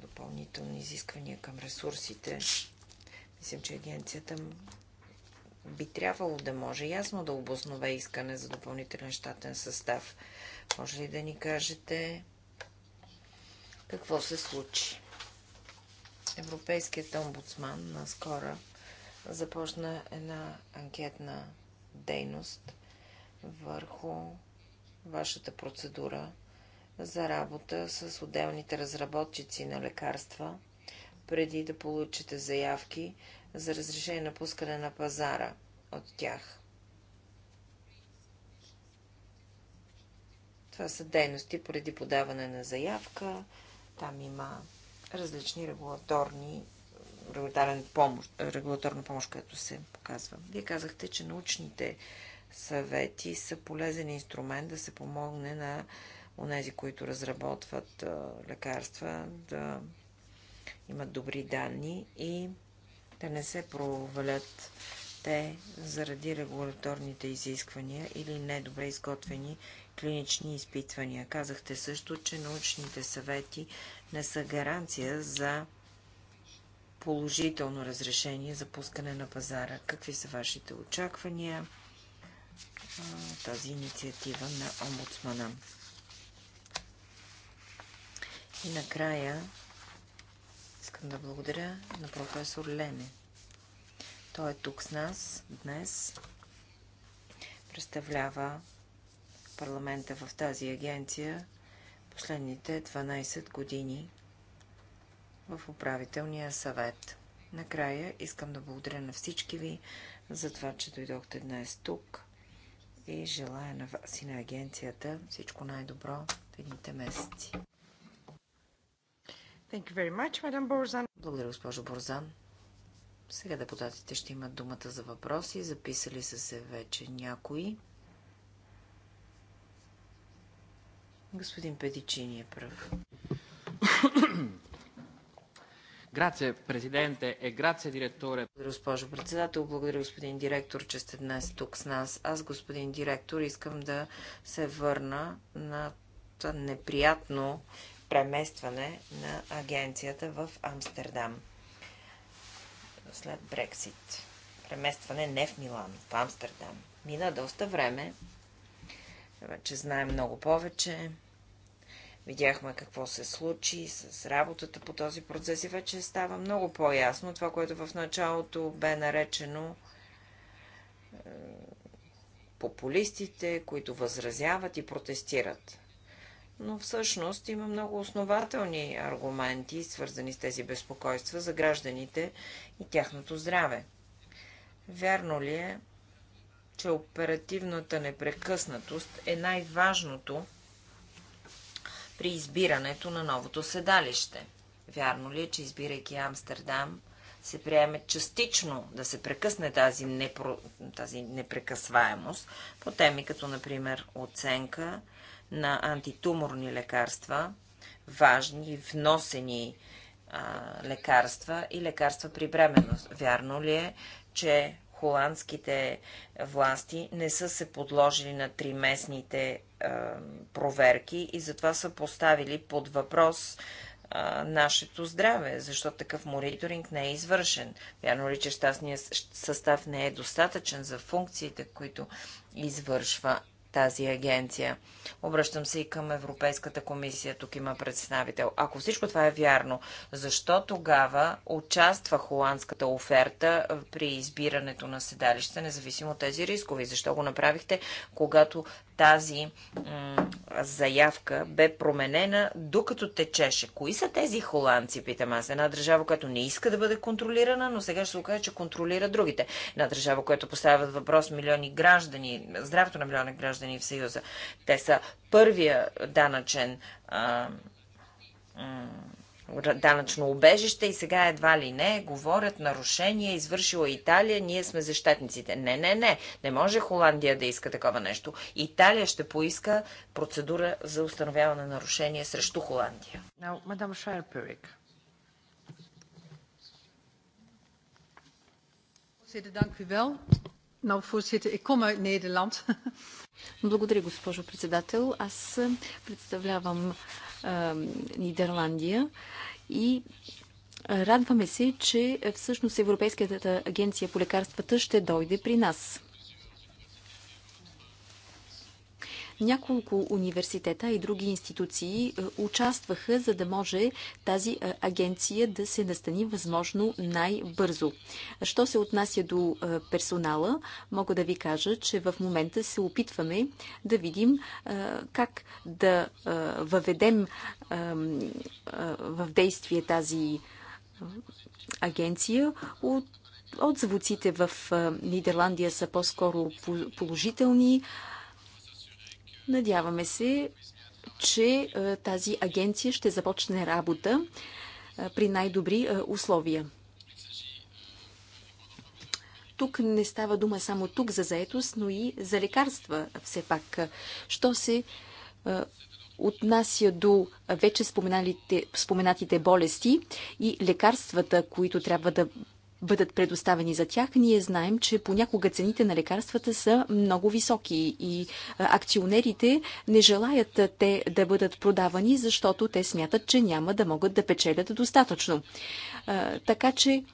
допълнителни изисквания към ресурсите мисля, че агенцията би трябвало да може ясно да обоснове искане за допълнителен щатен състав. Може ли да ни кажете какво се случи? Европейският омбудсман наскоро започна една анкетна дейност върху вашата процедура за работа с отделните разработчици на лекарства преди да получите заявки за разрешение на пускане на пазара от тях. Това са дейности преди подаване на заявка. Там има различни регулаторни помощ, регулаторна помощ, която се показва. Вие казахте, че научните съвети са полезен инструмент да се помогне на онези, които разработват лекарства, да имат добри данни и да не се провалят те заради регуляторните изисквания или недобре изготвени клинични изпитвания. Казахте също, че научните съвети не са гаранция за положително разрешение за пускане на пазара. Какви са вашите очаквания тази инициатива на омбудсмана? И накрая Искам да благодаря на професор Лене. Той е тук с нас днес. Представлява парламента в тази агенция последните 12 години в управителния съвет. Накрая искам да благодаря на всички ви за това, че дойдохте днес тук и желая на вас и на агенцията всичко най-добро в едните месеци. Much, Благодаря, госпожо Борзан. Сега депутатите ще имат думата за въпроси. Записали са се вече някои. Господин Петичини е прав. Грация, президенте, е грация, директоре. Благодаря, госпожо председател. Благодаря, господин директор, че сте днес тук с нас. Аз, господин директор, искам да се върна на неприятно преместване на агенцията в Амстердам след Брексит. Преместване не в Милан, в Амстердам. Мина доста време. Вече знаем много повече. Видяхме какво се случи с работата по този процес и вече става много по-ясно това, което в началото бе наречено е, популистите, които възразяват и протестират но всъщност има много основателни аргументи, свързани с тези безпокойства за гражданите и тяхното здраве. Вярно ли е, че оперативната непрекъснатост е най-важното при избирането на новото седалище? Вярно ли е, че избирайки Амстердам, се приеме частично да се прекъсне тази, непро... тази непрекъсваемост по теми като, например, оценка на антитуморни лекарства, важни, вносени а, лекарства и лекарства при бременност. Вярно ли е, че холандските власти не са се подложили на триместните а, проверки и затова са поставили под въпрос а, нашето здраве, защото такъв мониторинг не е извършен. Вярно ли, че щастният състав не е достатъчен за функциите, които извършва тази агенция. Обръщам се и към Европейската комисия. Тук има представител. Ако всичко това е вярно, защо тогава участва холандската оферта при избирането на седалище, независимо от тези рискови? Защо го направихте, когато тази заявка бе променена докато течеше. Кои са тези холандци, питам аз? Една държава, която не иска да бъде контролирана, но сега ще се окаже, че контролира другите. Една държава, която поставя въпрос милиони граждани, здравето на милиони граждани в Съюза. Те са първия данъчен а, данъчно убежище и сега едва ли не говорят нарушение, извършила Италия, ние сме защитниците. Не, не, не. Не може Холандия да иска такова нещо. Италия ще поиска процедура за установяване на нарушение срещу Холандия. Now, мадам Шайерперик. Благодаря, госпожо председател. Аз е, представлявам Нидерландия и радваме се, че всъщност Европейската агенция по лекарствата ще дойде при нас. Няколко университета и други институции е, участваха, за да може тази е, агенция да се настани възможно най-бързо. Що се отнася до е, персонала, мога да ви кажа, че в момента се опитваме да видим как да въведем в действие тази агенция от Отзвуците в Нидерландия са по-скоро положителни. Надяваме се, че е, тази агенция ще започне работа е, при най-добри е, условия. Тук не става дума само тук за заетост, но и за лекарства все пак. Що се отнася до вече споменатите болести и лекарствата, които трябва да бъдат предоставени за тях. Ние знаем, че понякога цените на лекарствата са много високи и акционерите не желаят те да бъдат продавани, защото те смятат, че няма да могат да печелят достатъчно. Така че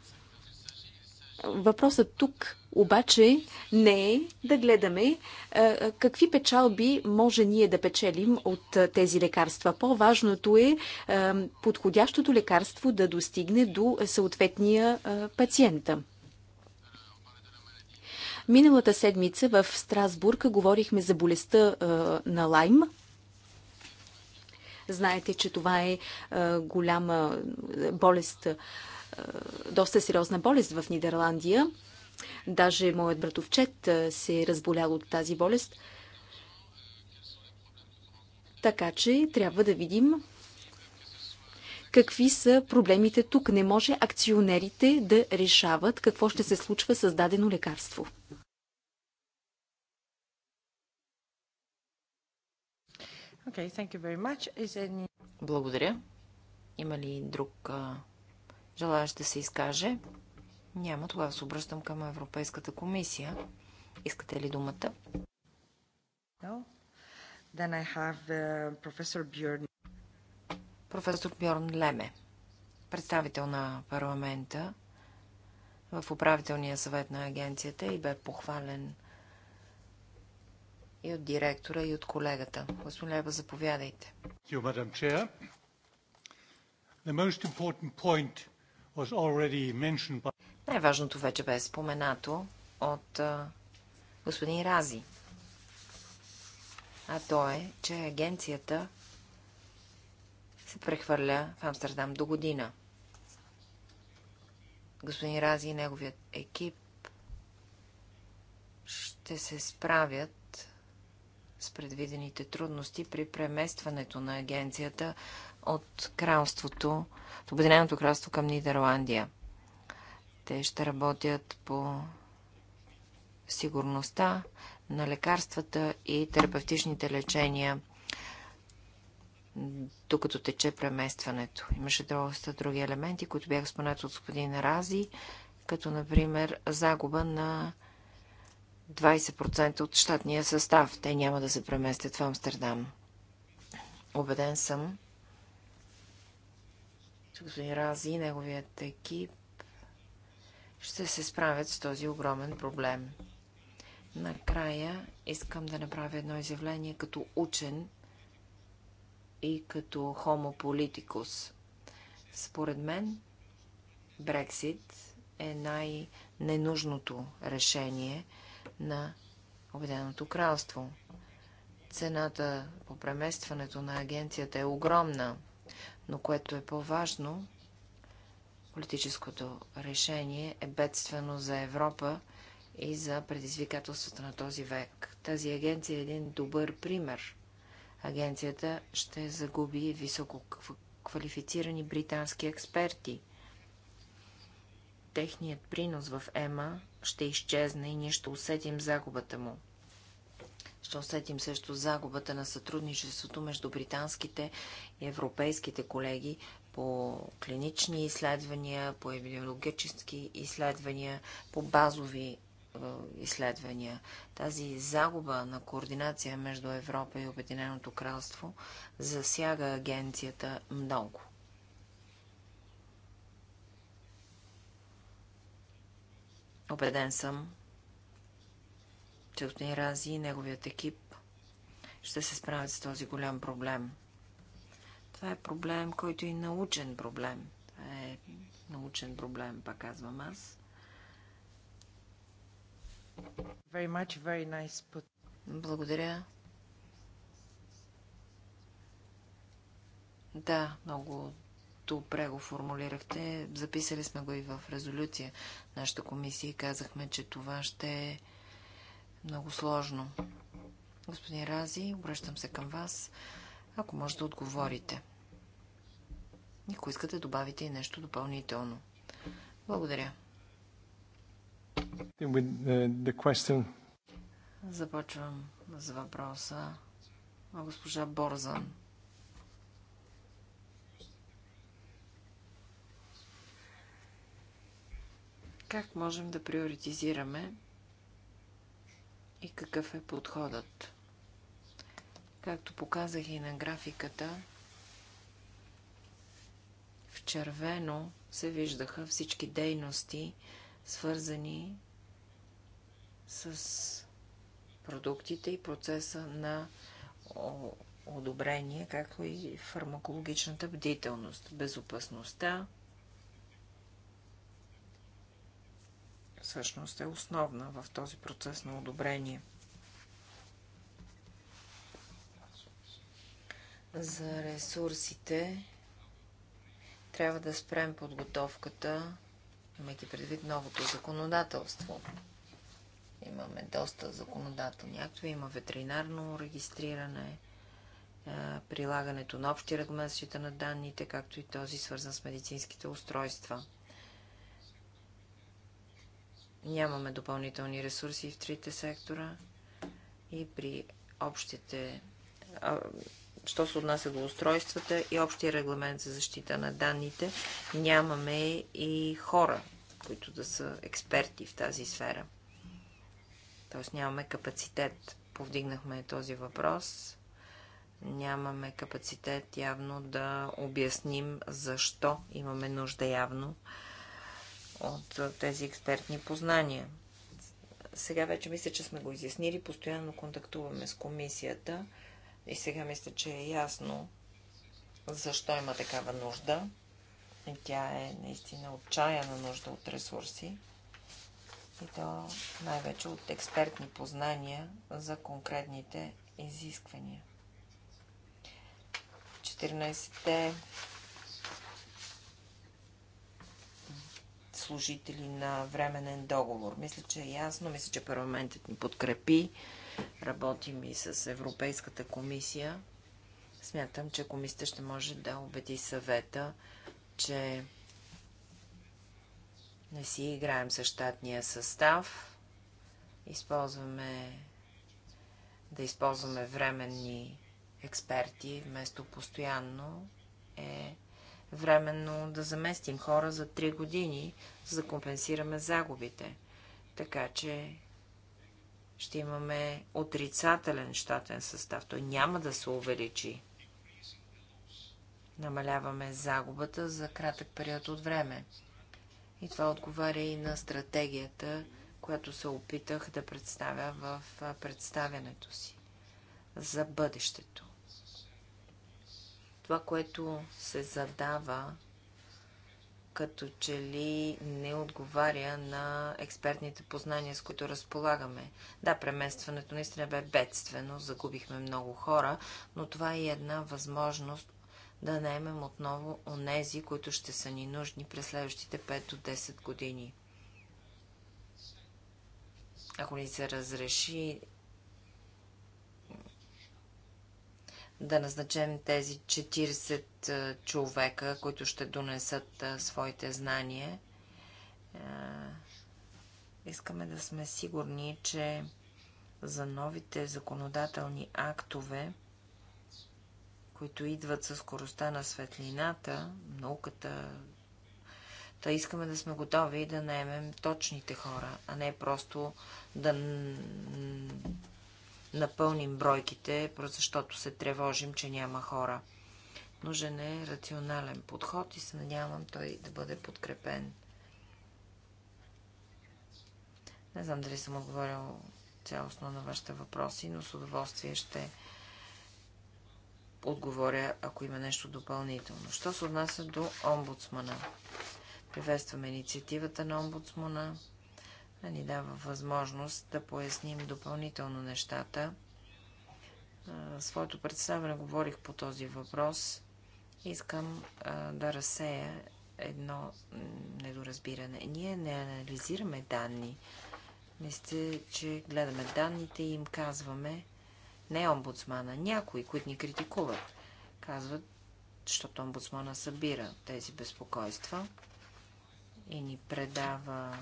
въпросът тук обаче не е да гледаме е, какви печалби може ние да печелим от е, тези лекарства. По-важното е, е подходящото лекарство да достигне до съответния пациента. Миналата седмица в Страсбург говорихме за болестта на Лайм. Знаете, че това е голяма болест, доста сериозна болест в Нидерландия. Даже моят братовчет се е разболял от тази болест. Така че трябва да видим какви са проблемите тук. Не може акционерите да решават какво ще се случва с дадено лекарство. Okay, thank you very much. Is any... Благодаря. Има ли друг а, желаящ да се изкаже? Няма. Тогава се обръщам към Европейската комисия. Искате ли думата? No. Then I have uh, професор Бьорн. Професор Бьорн Леме, представител на парламента в управителния съвет на агенцията и бе похвален и от директора, и от колегата. Господин Лева, заповядайте. The most important point was already mentioned by най-важното вече бе споменато от а, господин Рази. А то е, че агенцията се прехвърля в Амстердам до година. Господин Рази и неговият екип ще се справят с предвидените трудности при преместването на агенцията от кралството, от Обединеното кралство към Нидерландия. Те ще работят по сигурността на лекарствата и терапевтичните лечения, докато тече преместването. Имаше доста други елементи, които бяха споменати от господин Рази, като например загуба на 20% от щатния състав. Те няма да се преместят в Амстердам. Обеден съм, че господин Рази и неговият екип ще се справят с този огромен проблем. Накрая искам да направя едно изявление като учен и като хомополитикус. Според мен, Брексит е най-ненужното решение на Обеденото кралство. Цената по преместването на агенцията е огромна, но което е по-важно, Политическото решение е бедствено за Европа и за предизвикателствата на този век. Тази агенция е един добър пример. Агенцията ще загуби високо квалифицирани британски експерти. Техният принос в ЕМА ще изчезне и ние ще усетим загубата му. Ще усетим също загубата на сътрудничеството между британските и европейските колеги по клинични изследвания, по епидемиологически изследвания, по базови е, изследвания. Тази загуба на координация между Европа и Обединеното кралство засяга агенцията много. Обеден съм, че от Рази и неговият екип ще се справят с този голям проблем – това е проблем, който е и научен проблем. Това е научен проблем, пак казвам аз. Very much, very nice put. Благодаря. Да, много добре го формулирахте. Записали сме го и в резолюция нашата комисия и казахме, че това ще е много сложно. Господин Рази, обръщам се към вас, ако може да отговорите. Ако искате, добавите и нещо допълнително. Благодаря. Uh, Започвам с въпроса на госпожа Борзан. Как можем да приоритизираме и какъв е подходът? Както показах и на графиката, червено се виждаха всички дейности, свързани с продуктите и процеса на одобрение, както и фармакологичната бдителност, безопасността. Всъщност е основна в този процес на одобрение. За ресурсите трябва да спрем подготовката, имайки предвид новото законодателство. Имаме доста законодателни актове, има ветеринарно регистриране, е, прилагането на общи регламентите на данните, както и този свързан с медицинските устройства. Нямаме допълнителни ресурси в трите сектора и при общите що се отнася до устройствата и общия регламент за защита на данните, нямаме и хора, които да са експерти в тази сфера. Тоест нямаме капацитет. Повдигнахме този въпрос. Нямаме капацитет явно да обясним защо имаме нужда явно от тези експертни познания. Сега вече мисля, че сме го изяснили. Постоянно контактуваме с комисията и сега мисля, че е ясно защо има такава нужда. И тя е наистина отчаяна нужда от ресурси. И то най-вече от експертни познания за конкретните изисквания. 14-те служители на временен договор. Мисля, че е ясно, мисля, че парламентът ни подкрепи. Работим и с Европейската комисия. Смятам, че комисията ще може да убеди съвета, че не си играем с щатния състав. Използваме да използваме временни експерти вместо постоянно е временно да заместим хора за 3 години, за да компенсираме загубите. Така че ще имаме отрицателен щатен състав. Той няма да се увеличи. Намаляваме загубата за кратък период от време. И това отговаря и на стратегията, която се опитах да представя в представянето си за бъдещето. Това, което се задава като че ли не отговаря на експертните познания, с които разполагаме. Да, преместването наистина бе бедствено, загубихме много хора, но това е една възможност да наемем отново онези, които ще са ни нужни през следващите 5 до 10 години. Ако ни се разреши да назначем тези 40 човека, които ще донесат своите знания. Искаме да сме сигурни, че за новите законодателни актове, които идват със скоростта на светлината, науката, да искаме да сме готови да наемем точните хора, а не просто да напълним бройките, защото се тревожим, че няма хора. Нужен е рационален подход и се надявам той да бъде подкрепен. Не знам дали съм отговорил цялостно на вашите въпроси, но с удоволствие ще отговоря, ако има нещо допълнително. Що се отнася до омбудсмана? Приветстваме инициативата на омбудсмана а ни дава възможност да поясним допълнително нещата. Своето представяне говорих по този въпрос. Искам да разсея едно недоразбиране. Ние не анализираме данни. Мисля, че гледаме данните и им казваме, не омбудсмана, някои, които ни критикуват, казват, защото омбудсмана събира тези безпокойства и ни предава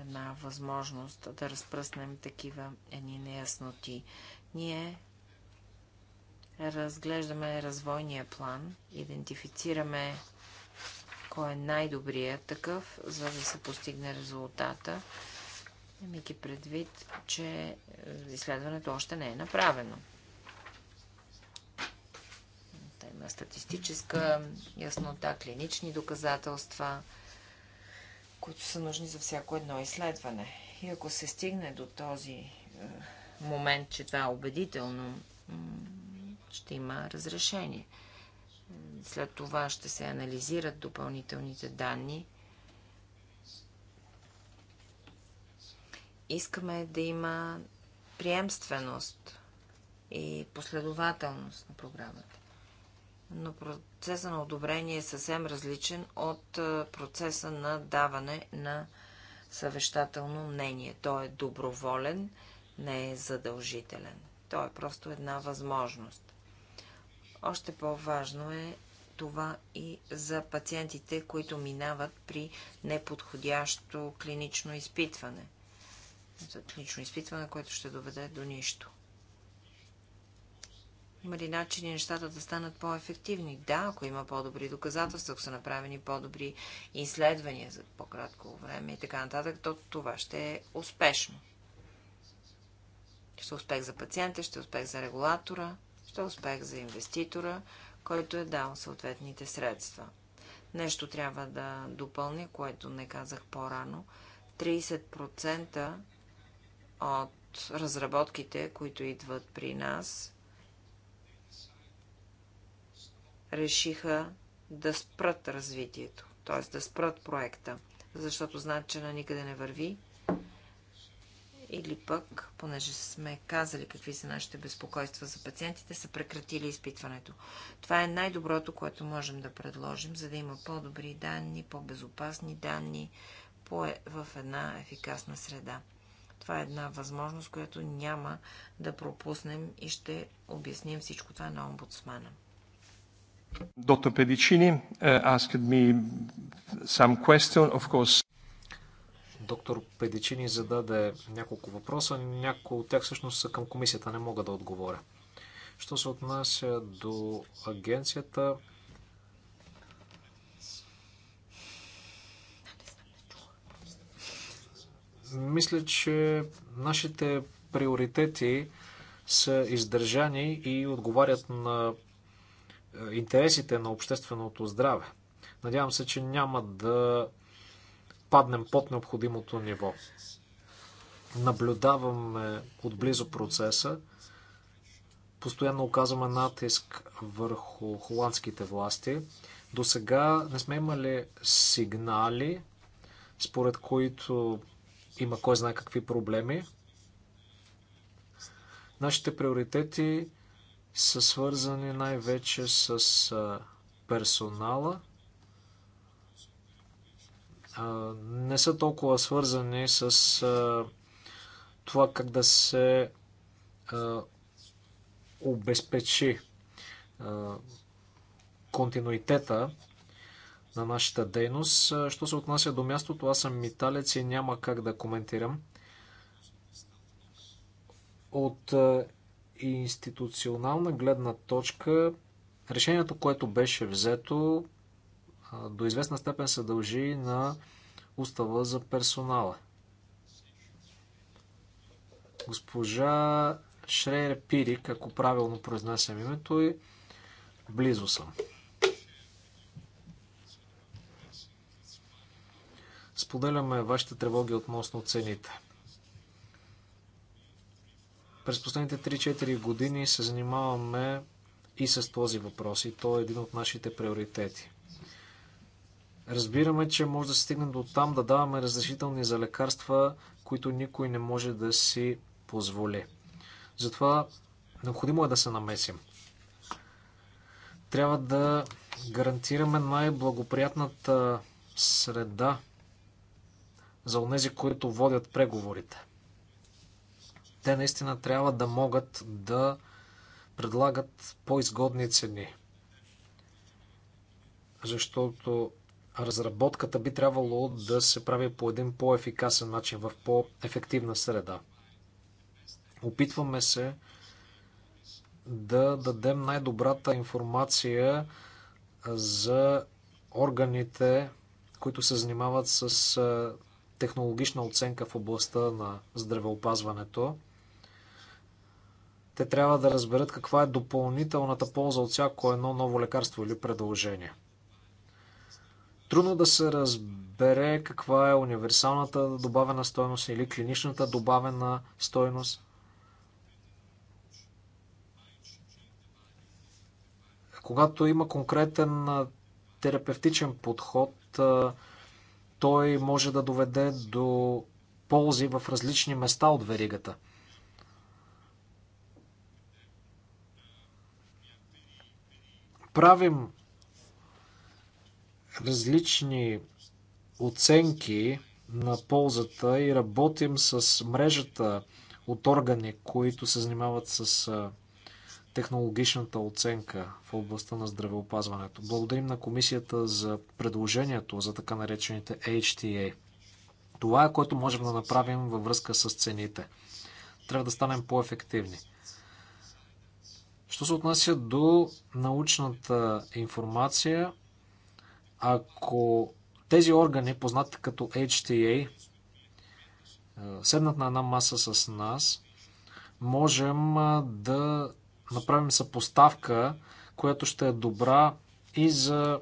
една възможност да разпръснем такива едни неясноти. Ние разглеждаме развойния план, идентифицираме кой е най-добрият такъв, за да се постигне резултата, имайки предвид, че е, изследването още не е направено. Та има статистическа яснота, клинични доказателства – които са нужни за всяко едно изследване. И ако се стигне до този е, момент, че това е убедително, ще има разрешение. След това ще се анализират допълнителните данни. Искаме да има приемственост и последователност на програмата но процеса на одобрение е съвсем различен от процеса на даване на съвещателно мнение. Той е доброволен, не е задължителен. Той е просто една възможност. Още по-важно е това и за пациентите, които минават при неподходящо клинично изпитване. Клинично изпитване, което ще доведе до нищо. Има ли начини нещата да станат по-ефективни? Да, ако има по-добри доказателства, ако са направени по-добри изследвания за по-кратко време и така нататък, то това ще е успешно. Ще е успех за пациента, ще е успех за регулатора, ще е успех за инвеститора, който е дал съответните средства. Нещо трябва да допълня, което не казах по-рано. 30% от разработките, които идват при нас, решиха да спрат развитието, т.е. да спрат проекта, защото знаят, че на никъде не върви. Или пък, понеже сме казали какви са нашите безпокойства за пациентите, са прекратили изпитването. Това е най-доброто, което можем да предложим, за да има по-добри данни, по-безопасни данни по в една ефикасна среда. Това е една възможност, която няма да пропуснем и ще обясним всичко това на омбудсмана. Доктор Педичини uh, asked me some question, of course. Доктор Педичини зададе няколко въпроса. Някои от тях всъщност са към комисията. Не мога да отговоря. Що се отнася до агенцията, мисля, че нашите приоритети са издържани и отговарят на интересите на общественото здраве. Надявам се, че няма да паднем под необходимото ниво. Наблюдаваме отблизо процеса. Постоянно оказваме натиск върху холандските власти. До сега не сме имали сигнали, според които има кой знае какви проблеми. Нашите приоритети са свързани най-вече с персонала. Не са толкова свързани с това как да се обезпечи континуитета на нашата дейност. Що се отнася до мястото, аз съм миталец и няма как да коментирам. От институционална гледна точка решението, което беше взето, до известна степен се дължи на устава за персонала. Госпожа Шрейер Пирик, ако правилно произнесем името й, близо съм. Споделяме вашите тревоги относно цените. През последните 3-4 години се занимаваме и с този въпрос и то е един от нашите приоритети. Разбираме, че може да се стигне до там да даваме разрешителни за лекарства, които никой не може да си позволи. Затова необходимо е да се намесим. Трябва да гарантираме най-благоприятната среда за онези, които водят преговорите. Те наистина трябва да могат да предлагат по-изгодни цени. Защото разработката би трябвало да се прави по един по-ефикасен начин, в по-ефективна среда. Опитваме се да дадем най-добрата информация за органите, които се занимават с технологична оценка в областта на здравеопазването. Те трябва да разберат каква е допълнителната полза от всяко едно ново лекарство или предложение. Трудно да се разбере каква е универсалната добавена стоеност или клиничната добавена стоеност. Когато има конкретен терапевтичен подход, той може да доведе до ползи в различни места от веригата – правим различни оценки на ползата и работим с мрежата от органи, които се занимават с технологичната оценка в областта на здравеопазването. Благодарим на комисията за предложението за така наречените HTA. Това е което можем да направим във връзка с цените. Трябва да станем по-ефективни. Що се отнася до научната информация, ако тези органи, познати като HTA, е, седнат на една маса с нас, можем да направим съпоставка, която ще е добра и за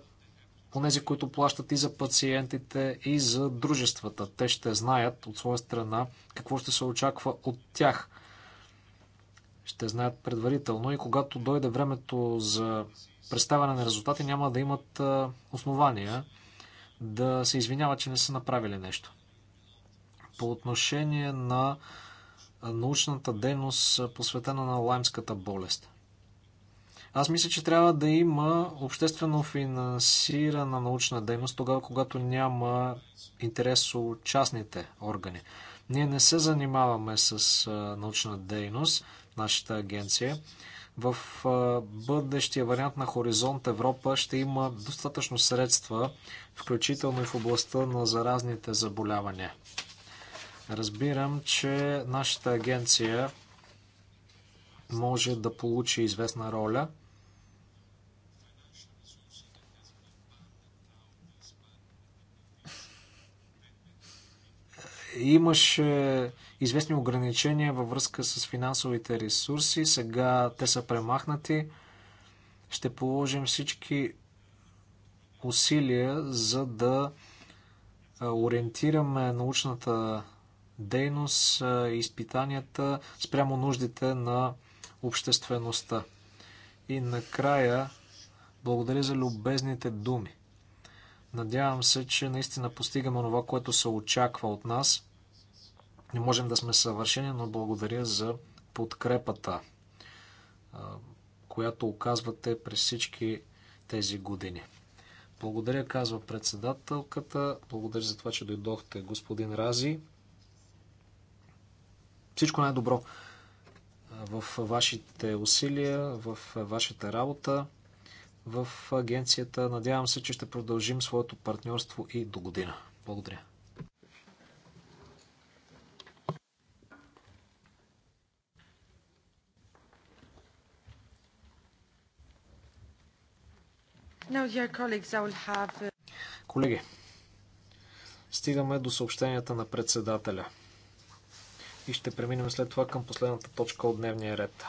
онези, които плащат и за пациентите, и за дружествата. Те ще знаят от своя страна какво ще се очаква от тях – ще знаят предварително и когато дойде времето за представяне на резултати, няма да имат основания да се извиняват, че не са направили нещо. По отношение на научната дейност, посветена на лаймската болест. Аз мисля, че трябва да има обществено финансирана научна дейност тогава, когато няма интерес от частните органи. Ние не се занимаваме с научна дейност, нашата агенция. В бъдещия вариант на Хоризонт Европа ще има достатъчно средства, включително и в областта на заразните заболявания. Разбирам, че нашата агенция може да получи известна роля – Имаше известни ограничения във връзка с финансовите ресурси. Сега те са премахнати. Ще положим всички усилия, за да ориентираме научната дейност и изпитанията спрямо нуждите на обществеността. И накрая, благодаря за любезните думи. Надявам се, че наистина постигаме това, което се очаква от нас. Не можем да сме съвършени, но благодаря за подкрепата, която оказвате през всички тези години. Благодаря, казва председателката. Благодаря за това, че дойдохте, господин Рази. Всичко най-добро в вашите усилия, в вашата работа в агенцията. Надявам се, че ще продължим своето партньорство и до година. Благодаря. Uh, Колеги, стигаме до съобщенията на председателя и ще преминем след това към последната точка от дневния ред.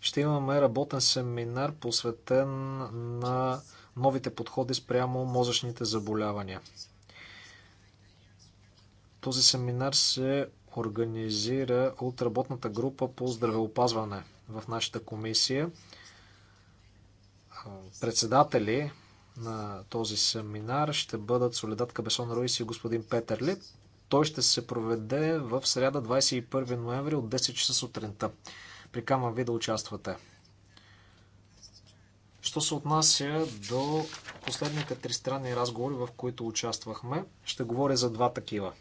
ще имаме работен семинар, посветен на новите подходи спрямо мозъчните заболявания. Този семинар се организира от работната група по здравеопазване в нашата комисия. Председатели на този семинар ще бъдат Соледат Кабесон Руис и господин Петър Той ще се проведе в среда 21 ноември от 10 часа сутринта. Прикамвам ви да участвате. Що се отнася до последните тристранни разговори, в които участвахме, ще говоря за два такива.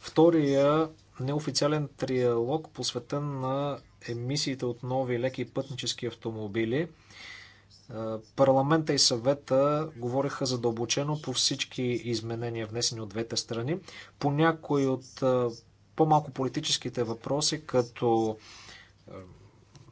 Втория неофициален триалог, посветен на емисиите от нови леки пътнически автомобили. Е, парламента и съвета говориха задълбочено по всички изменения, внесени от двете страни. По някои от е, по-малко политическите въпроси, като е,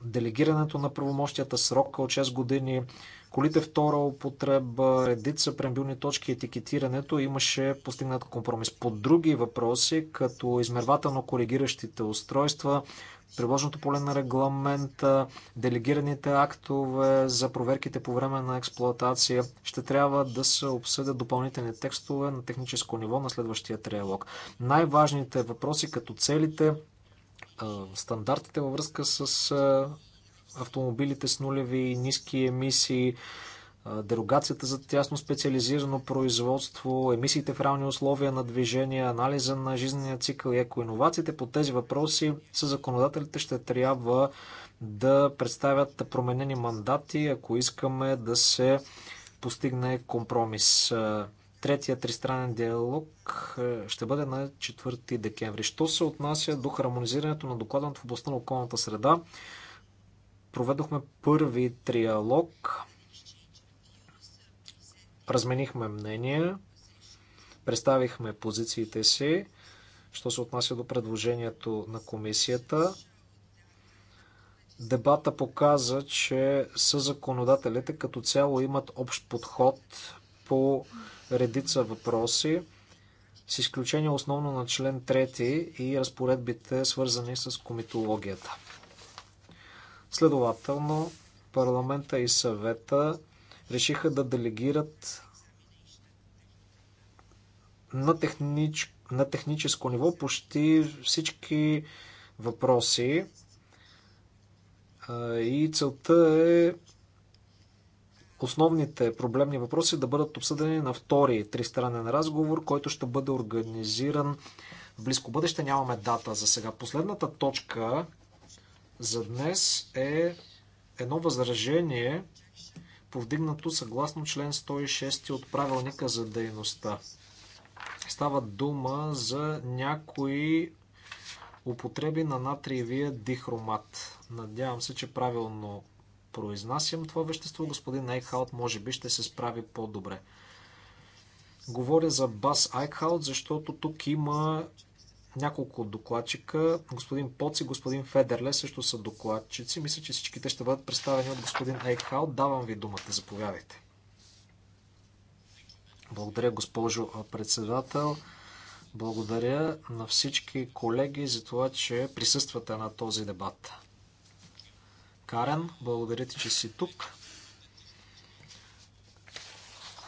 делегирането на правомощията, срока от 6 години, колите втора употреба, редица прембилни точки, етикетирането, имаше постигнат компромис. По други въпроси, като измервателно коригиращите устройства, приложното поле на регламента, делегираните актове за проверките по време на експлоатация. Ще трябва да се обсъдят допълнителни текстове на техническо ниво на следващия триалог. Най-важните въпроси като целите, стандартите във връзка с автомобилите с нулеви и ниски емисии, дерогацията за тясно специализирано производство, емисиите в равни условия на движение, анализа на жизнения цикъл и екоинновациите. По тези въпроси с законодателите ще трябва да представят променени мандати, ако искаме да се постигне компромис. Третия тристранен диалог ще бъде на 4 декември. Що се отнася до хармонизирането на доклада в областта на околната среда? Проведохме първи триалог Разменихме мнения, представихме позициите си, що се отнася до предложението на комисията. Дебата показа, че са законодателите като цяло имат общ подход по редица въпроси, с изключение основно на член 3 и разпоредбите, свързани с комитологията. Следователно, парламента и съвета решиха да делегират на, технич... на техническо ниво почти всички въпроси. И целта е основните проблемни въпроси да бъдат обсъдени на втори тристранен разговор, който ще бъде организиран в близко бъдеще. Нямаме дата за сега. Последната точка за днес е едно възражение повдигнато съгласно член 106 от правилника за дейността. Става дума за някои употреби на натриевия дихромат. Надявам се, че правилно произнасям това вещество. Господин Ейхаут може би ще се справи по-добре. Говоря за бас Айкхаут, защото тук има няколко докладчика. Господин Поц и господин Федерле също са докладчици. Мисля, че всичките ще бъдат представени от господин Ейхал. Давам ви думата. Заповядайте. Благодаря, госпожо председател. Благодаря на всички колеги за това, че присъствате на този дебат. Карен, благодаря ти, че си тук.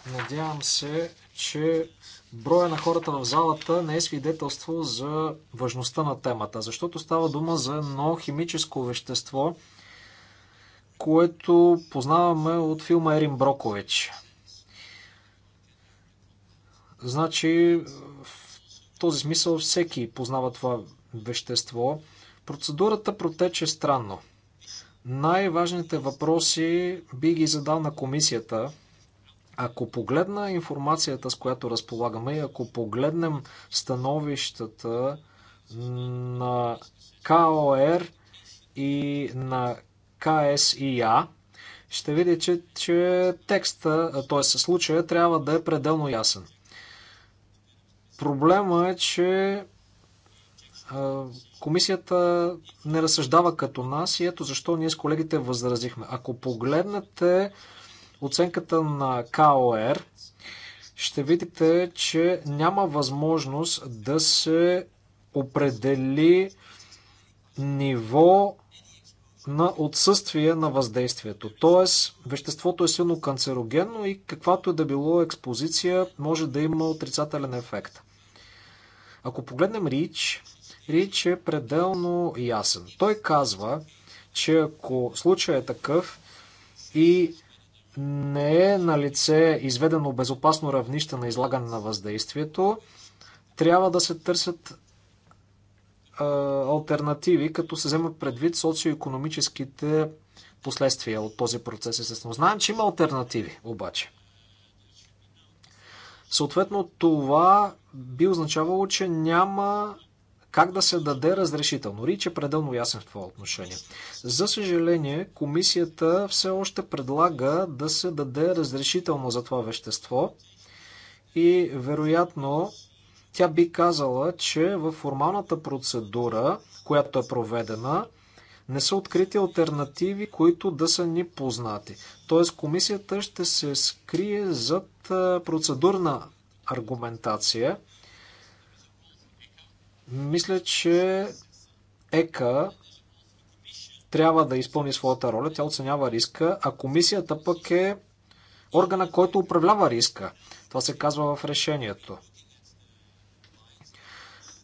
Надявам се, че броя на хората в залата не е свидетелство за важността на темата, защото става дума за едно химическо вещество, което познаваме от филма Ерин Брокович. Значи, в този смисъл всеки познава това вещество. Процедурата протече странно. Най-важните въпроси би ги задал на комисията – ако погледна информацията, с която разполагаме и ако погледнем становищата на КОР и на КСИА, ще видите, че, че текста, т.е. случая, трябва да е пределно ясен. Проблема е, че комисията не разсъждава като нас и ето защо ние с колегите възразихме. Ако погледнете оценката на КОР, ще видите, че няма възможност да се определи ниво на отсъствие на въздействието. Тоест, веществото е силно канцерогенно и каквато е да било експозиция, може да има отрицателен ефект. Ако погледнем Рич, Рич е пределно ясен. Той казва, че ако случай е такъв и не е на лице изведено безопасно равнище на излагане на въздействието, трябва да се търсят а, альтернативи, като се вземат предвид социо-економическите последствия от този процес. Естествено, знаем, че има альтернативи, обаче. Съответно, това би означавало, че няма как да се даде разрешително. Рич е пределно ясен в това отношение. За съжаление, комисията все още предлага да се даде разрешително за това вещество и вероятно тя би казала, че в формалната процедура, която е проведена, не са открити альтернативи, които да са ни познати. Тоест комисията ще се скрие зад процедурна аргументация – мисля, че ЕКА трябва да изпълни своята роля. Тя оценява риска, а комисията пък е органа, който управлява риска. Това се казва в решението.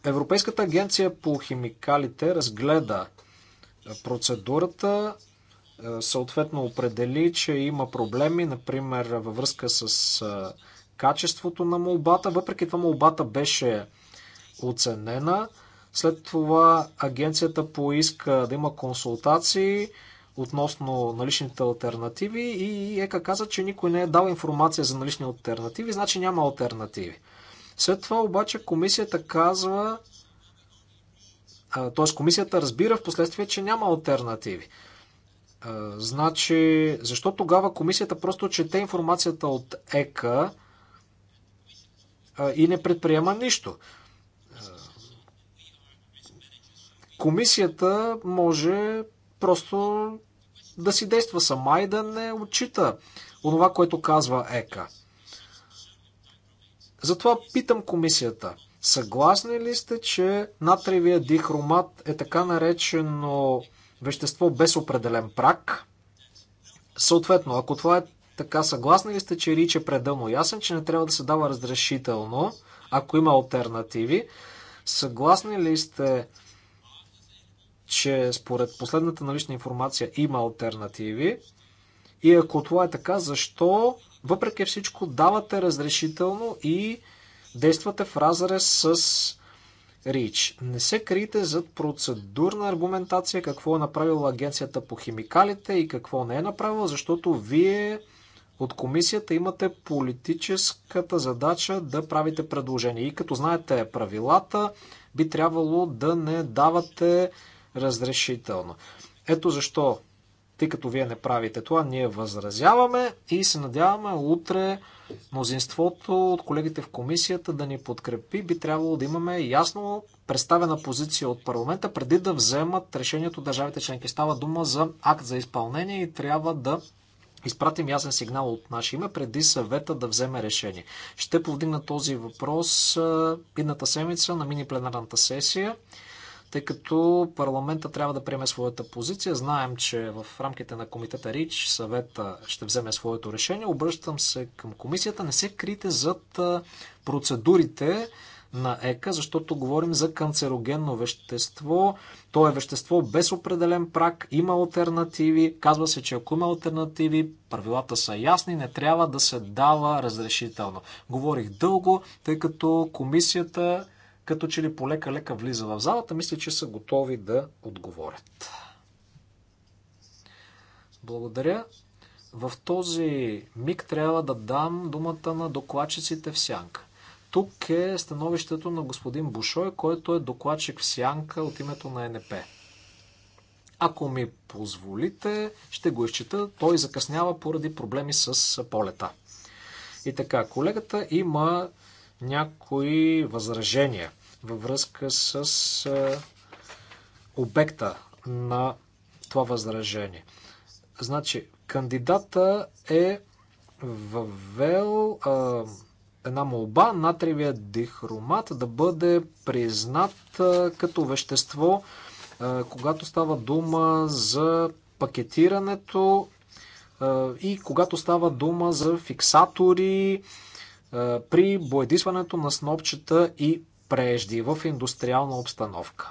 Европейската агенция по химикалите разгледа процедурата, е, съответно определи, че има проблеми, например във връзка с е, качеството на молбата. Въпреки това молбата беше оценена. След това агенцията поиска да има консултации относно наличните альтернативи и ЕКА каза, че никой не е дал информация за налични альтернативи, значи няма альтернативи. След това обаче комисията казва, т.е. комисията разбира в последствие, че няма альтернативи. Значи, защо тогава комисията просто чете информацията от ЕКА и не предприема нищо? Комисията може просто да си действа сама и да не отчита онова, което казва ЕКА. Затова питам комисията. Съгласни ли сте, че натривия дихромат е така наречено вещество без определен прак? Съответно, ако това е така, съгласни ли сте, че Рич е пределно ясен, че не трябва да се дава разрешително, ако има альтернативи? Съгласни ли сте, че според последната налична информация има альтернативи. И ако това е така, защо въпреки всичко давате разрешително и действате в разрез с РИЧ. Не се крийте зад процедурна аргументация какво е направила агенцията по химикалите и какво не е направила, защото вие от комисията имате политическата задача да правите предложение. И като знаете правилата, би трябвало да не давате разрешително. Ето защо, тъй като вие не правите това, ние възразяваме и се надяваме утре мнозинството от колегите в комисията да ни подкрепи. Би трябвало да имаме ясно представена позиция от парламента преди да вземат решението държавите членки. Става дума за акт за изпълнение и трябва да изпратим ясен сигнал от наше име преди съвета да вземе решение. Ще повдигна този въпрос едната седмица на мини пленарната сесия тъй като парламента трябва да приеме своята позиция. Знаем, че в рамките на комитета РИЧ съвета ще вземе своето решение. Обръщам се към комисията. Не се крите зад процедурите на ЕКА, защото говорим за канцерогенно вещество. То е вещество без определен прак, има альтернативи. Казва се, че ако има альтернативи, правилата са ясни, не трябва да се дава разрешително. Говорих дълго, тъй като комисията като че ли полека-лека влиза в залата, мисля, че са готови да отговорят. Благодаря. В този миг трябва да дам думата на докладчиците в сянка. Тук е становището на господин Бушой, който е докладчик в сянка от името на НП. Ако ми позволите, ще го изчита. Той закъснява поради проблеми с полета. И така, колегата има някои възражения във връзка с обекта на това възражение. Значи, кандидата е въвел а, една молба натривия дихромат да бъде признат а, като вещество, а, когато става дума за пакетирането а, и когато става дума за фиксатори, при боядисването на снопчета и прежди в индустриална обстановка.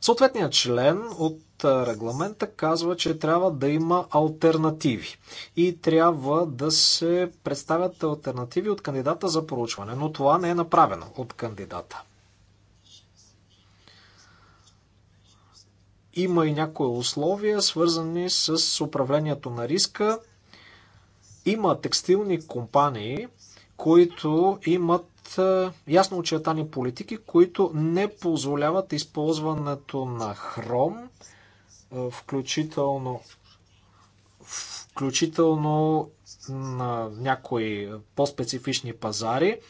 Съответният член от регламента казва, че трябва да има альтернативи и трябва да се представят альтернативи от кандидата за проучване, но това не е направено от кандидата. Има и някои условия, свързани с управлението на риска има текстилни компании, които имат ясно очертани политики, които не позволяват използването на хром, включително включително на някои по-специфични пазари.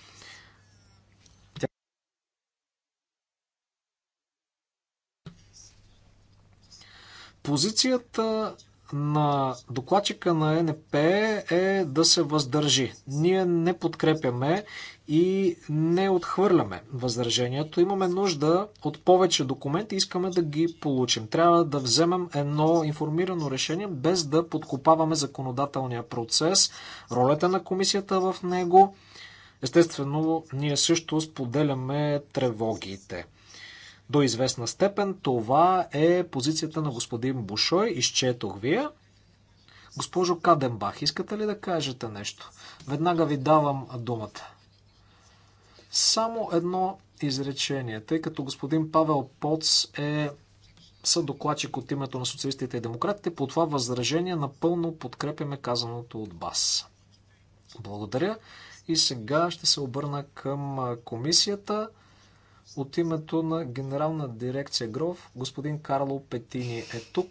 Позицията на докладчика на НП е да се въздържи. Ние не подкрепяме и не отхвърляме възражението. Имаме нужда от повече документи, искаме да ги получим. Трябва да вземем едно информирано решение, без да подкопаваме законодателния процес, ролята на комисията в него. Естествено, ние също споделяме тревогите. До известна степен това е позицията на господин Бушой. Изчетох вие. Госпожо Каденбах, искате ли да кажете нещо? Веднага ви давам думата. Само едно изречение, тъй като господин Павел Поц е съдокладчик от името на социалистите и демократите. По това възражение напълно подкрепяме казаното от вас. Благодаря. И сега ще се обърна към комисията. От името на Генерална дирекция ГРОВ, господин Карло Петини е тук.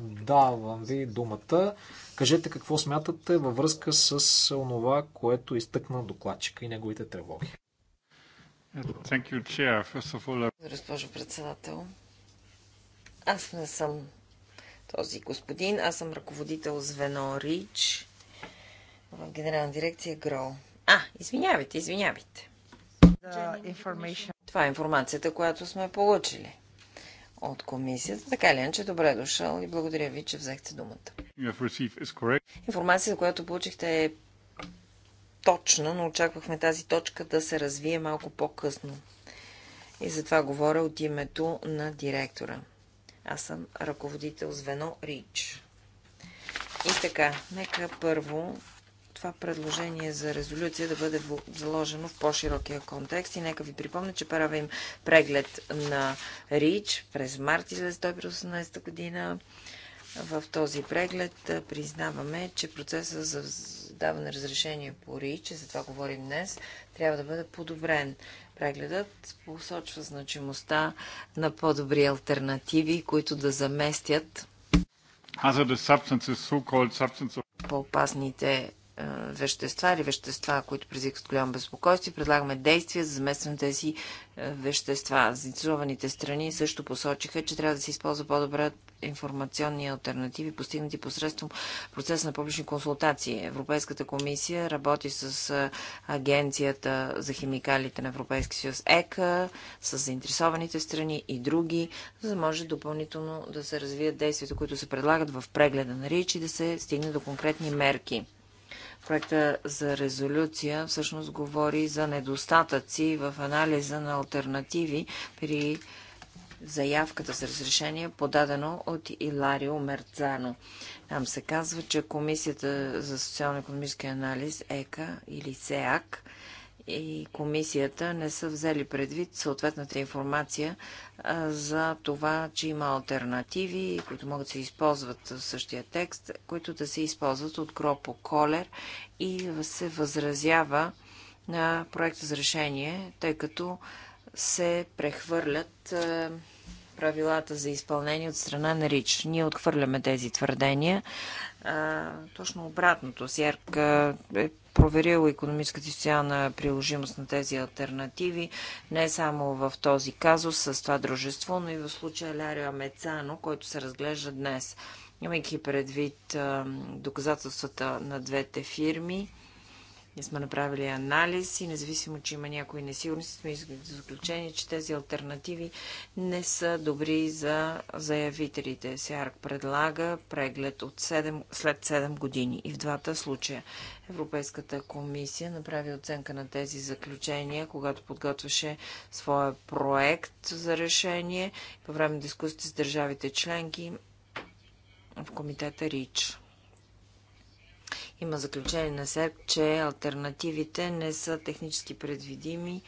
Давам ви думата. Кажете какво смятате във връзка с онова, което изтъкна докладчика и неговите тревоги. Госпожо председател, аз не съм този господин. Аз съм ръководител звено РИЧ в Генерална дирекция ГРО. А, извинявайте, извинявайте. Това е информацията, която сме получили от комисията. Така ли, че добре е дошъл и благодаря ви, че взехте думата. Информацията, която получихте е точна, но очаквахме тази точка да се развие малко по-късно. И затова говоря от името на директора. Аз съм ръководител звено РИЧ. И така, нека първо това предложение за резолюция да бъде заложено в по-широкия контекст. И нека ви припомня, че правим преглед на РИЧ през март 1918 година. В този преглед признаваме, че процесът за даване разрешение по РИЧ, за това говорим днес, трябва да бъде подобрен. Прегледът посочва значимостта на по-добри альтернативи, които да заместят по-опасните вещества или вещества, които предизвикват голямо безпокойство, предлагаме действия за заместване тези вещества. Заинтересованите страни също посочиха, че трябва да се използва по-добре информационни альтернативи, постигнати посредством процеса на публични консултации. Европейската комисия работи с Агенцията за химикалите на Европейския съюз ЕКА, с заинтересованите страни и други, за да може допълнително да се развият действията, които се предлагат в прегледа на РИЧ и да се стигне до конкретни мерки. Проекта за резолюция всъщност говори за недостатъци в анализа на альтернативи при заявката с разрешение, подадено от Иларио Мерцано. Там се казва, че Комисията за социално-економически анализ ЕКА или СЕАК и комисията не са взели предвид съответната информация а, за това, че има альтернативи, които могат да се използват в същия текст, които да се използват от Гропо Колер и се възразява на проекта за решение, тъй като се прехвърлят а, правилата за изпълнение от страна на РИЧ. Ние отхвърляме тези твърдения. А, точно обратното. СЕРК е проверил економическата и социална приложимост на тези альтернативи, не само в този казус с това дружество, но и в случая Лярио Амецано, който се разглежда днес. Имайки предвид а, доказателствата на двете фирми, ние сме направили анализ и независимо, че има някои несигурности, сме за заключение, че тези альтернативи не са добри за заявителите. СЕАРК предлага преглед от 7, след 7 години и в двата случая. Европейската комисия направи оценка на тези заключения, когато подготвяше своя проект за решение по време на дискусите с държавите членки в комитета РИЧ. Има заключение на СЕРК, че альтернативите не са технически предвидими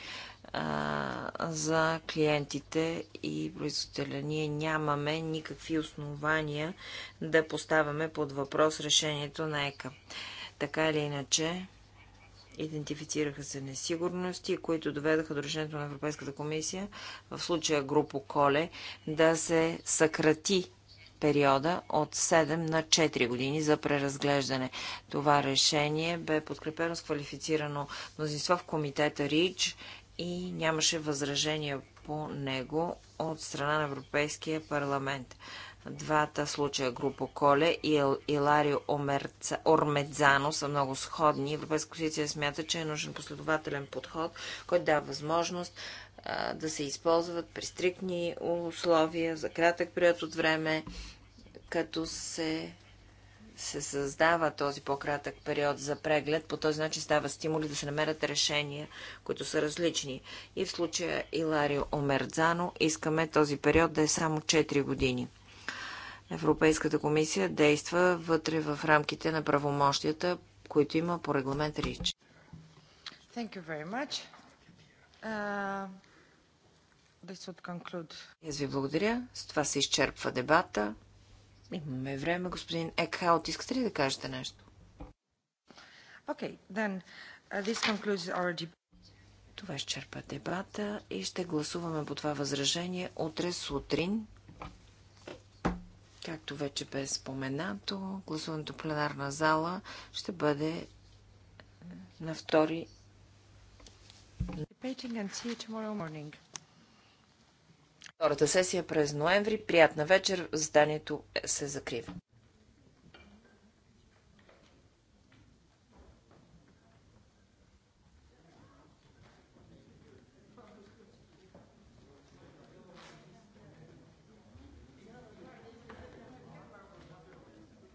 а, за клиентите и производителя. Ние нямаме никакви основания да поставяме под въпрос решението на ЕКА. Така или иначе, идентифицираха се несигурности, които доведаха до решението на Европейската комисия, в случая група Коле, да се съкрати периода от 7 на 4 години за преразглеждане. Това решение бе подкрепено с квалифицирано мнозинство в комитета РИЧ и нямаше възражения по него от страна на Европейския парламент. Двата случая, група Коле и Иларио Ормедзано, са много сходни. Европейска позиция смята, че е нужен последователен подход, който дава възможност а, да се използват при стриктни условия за кратък период от време като се се създава този по-кратък период за преглед, по този начин става стимули да се намерят решения, които са различни. И в случая Иларио Омерзано искаме този период да е само 4 години. Европейската комисия действа вътре в рамките на правомощията, които има по регламент РИЧ. Uh, Ви благодаря. С това се изчерпва дебата. Имаме време, господин Екхаут. Искате ли да кажете нещо? Okay, then, uh, this concludes our това изчерпа дебата и ще гласуваме по това възражение утре сутрин. Както вече бе споменато, гласуването пленарна зала ще бъде на втори. and see you tomorrow morning втората сесия е през ноември. Приятна вечер. Заданието се закрива.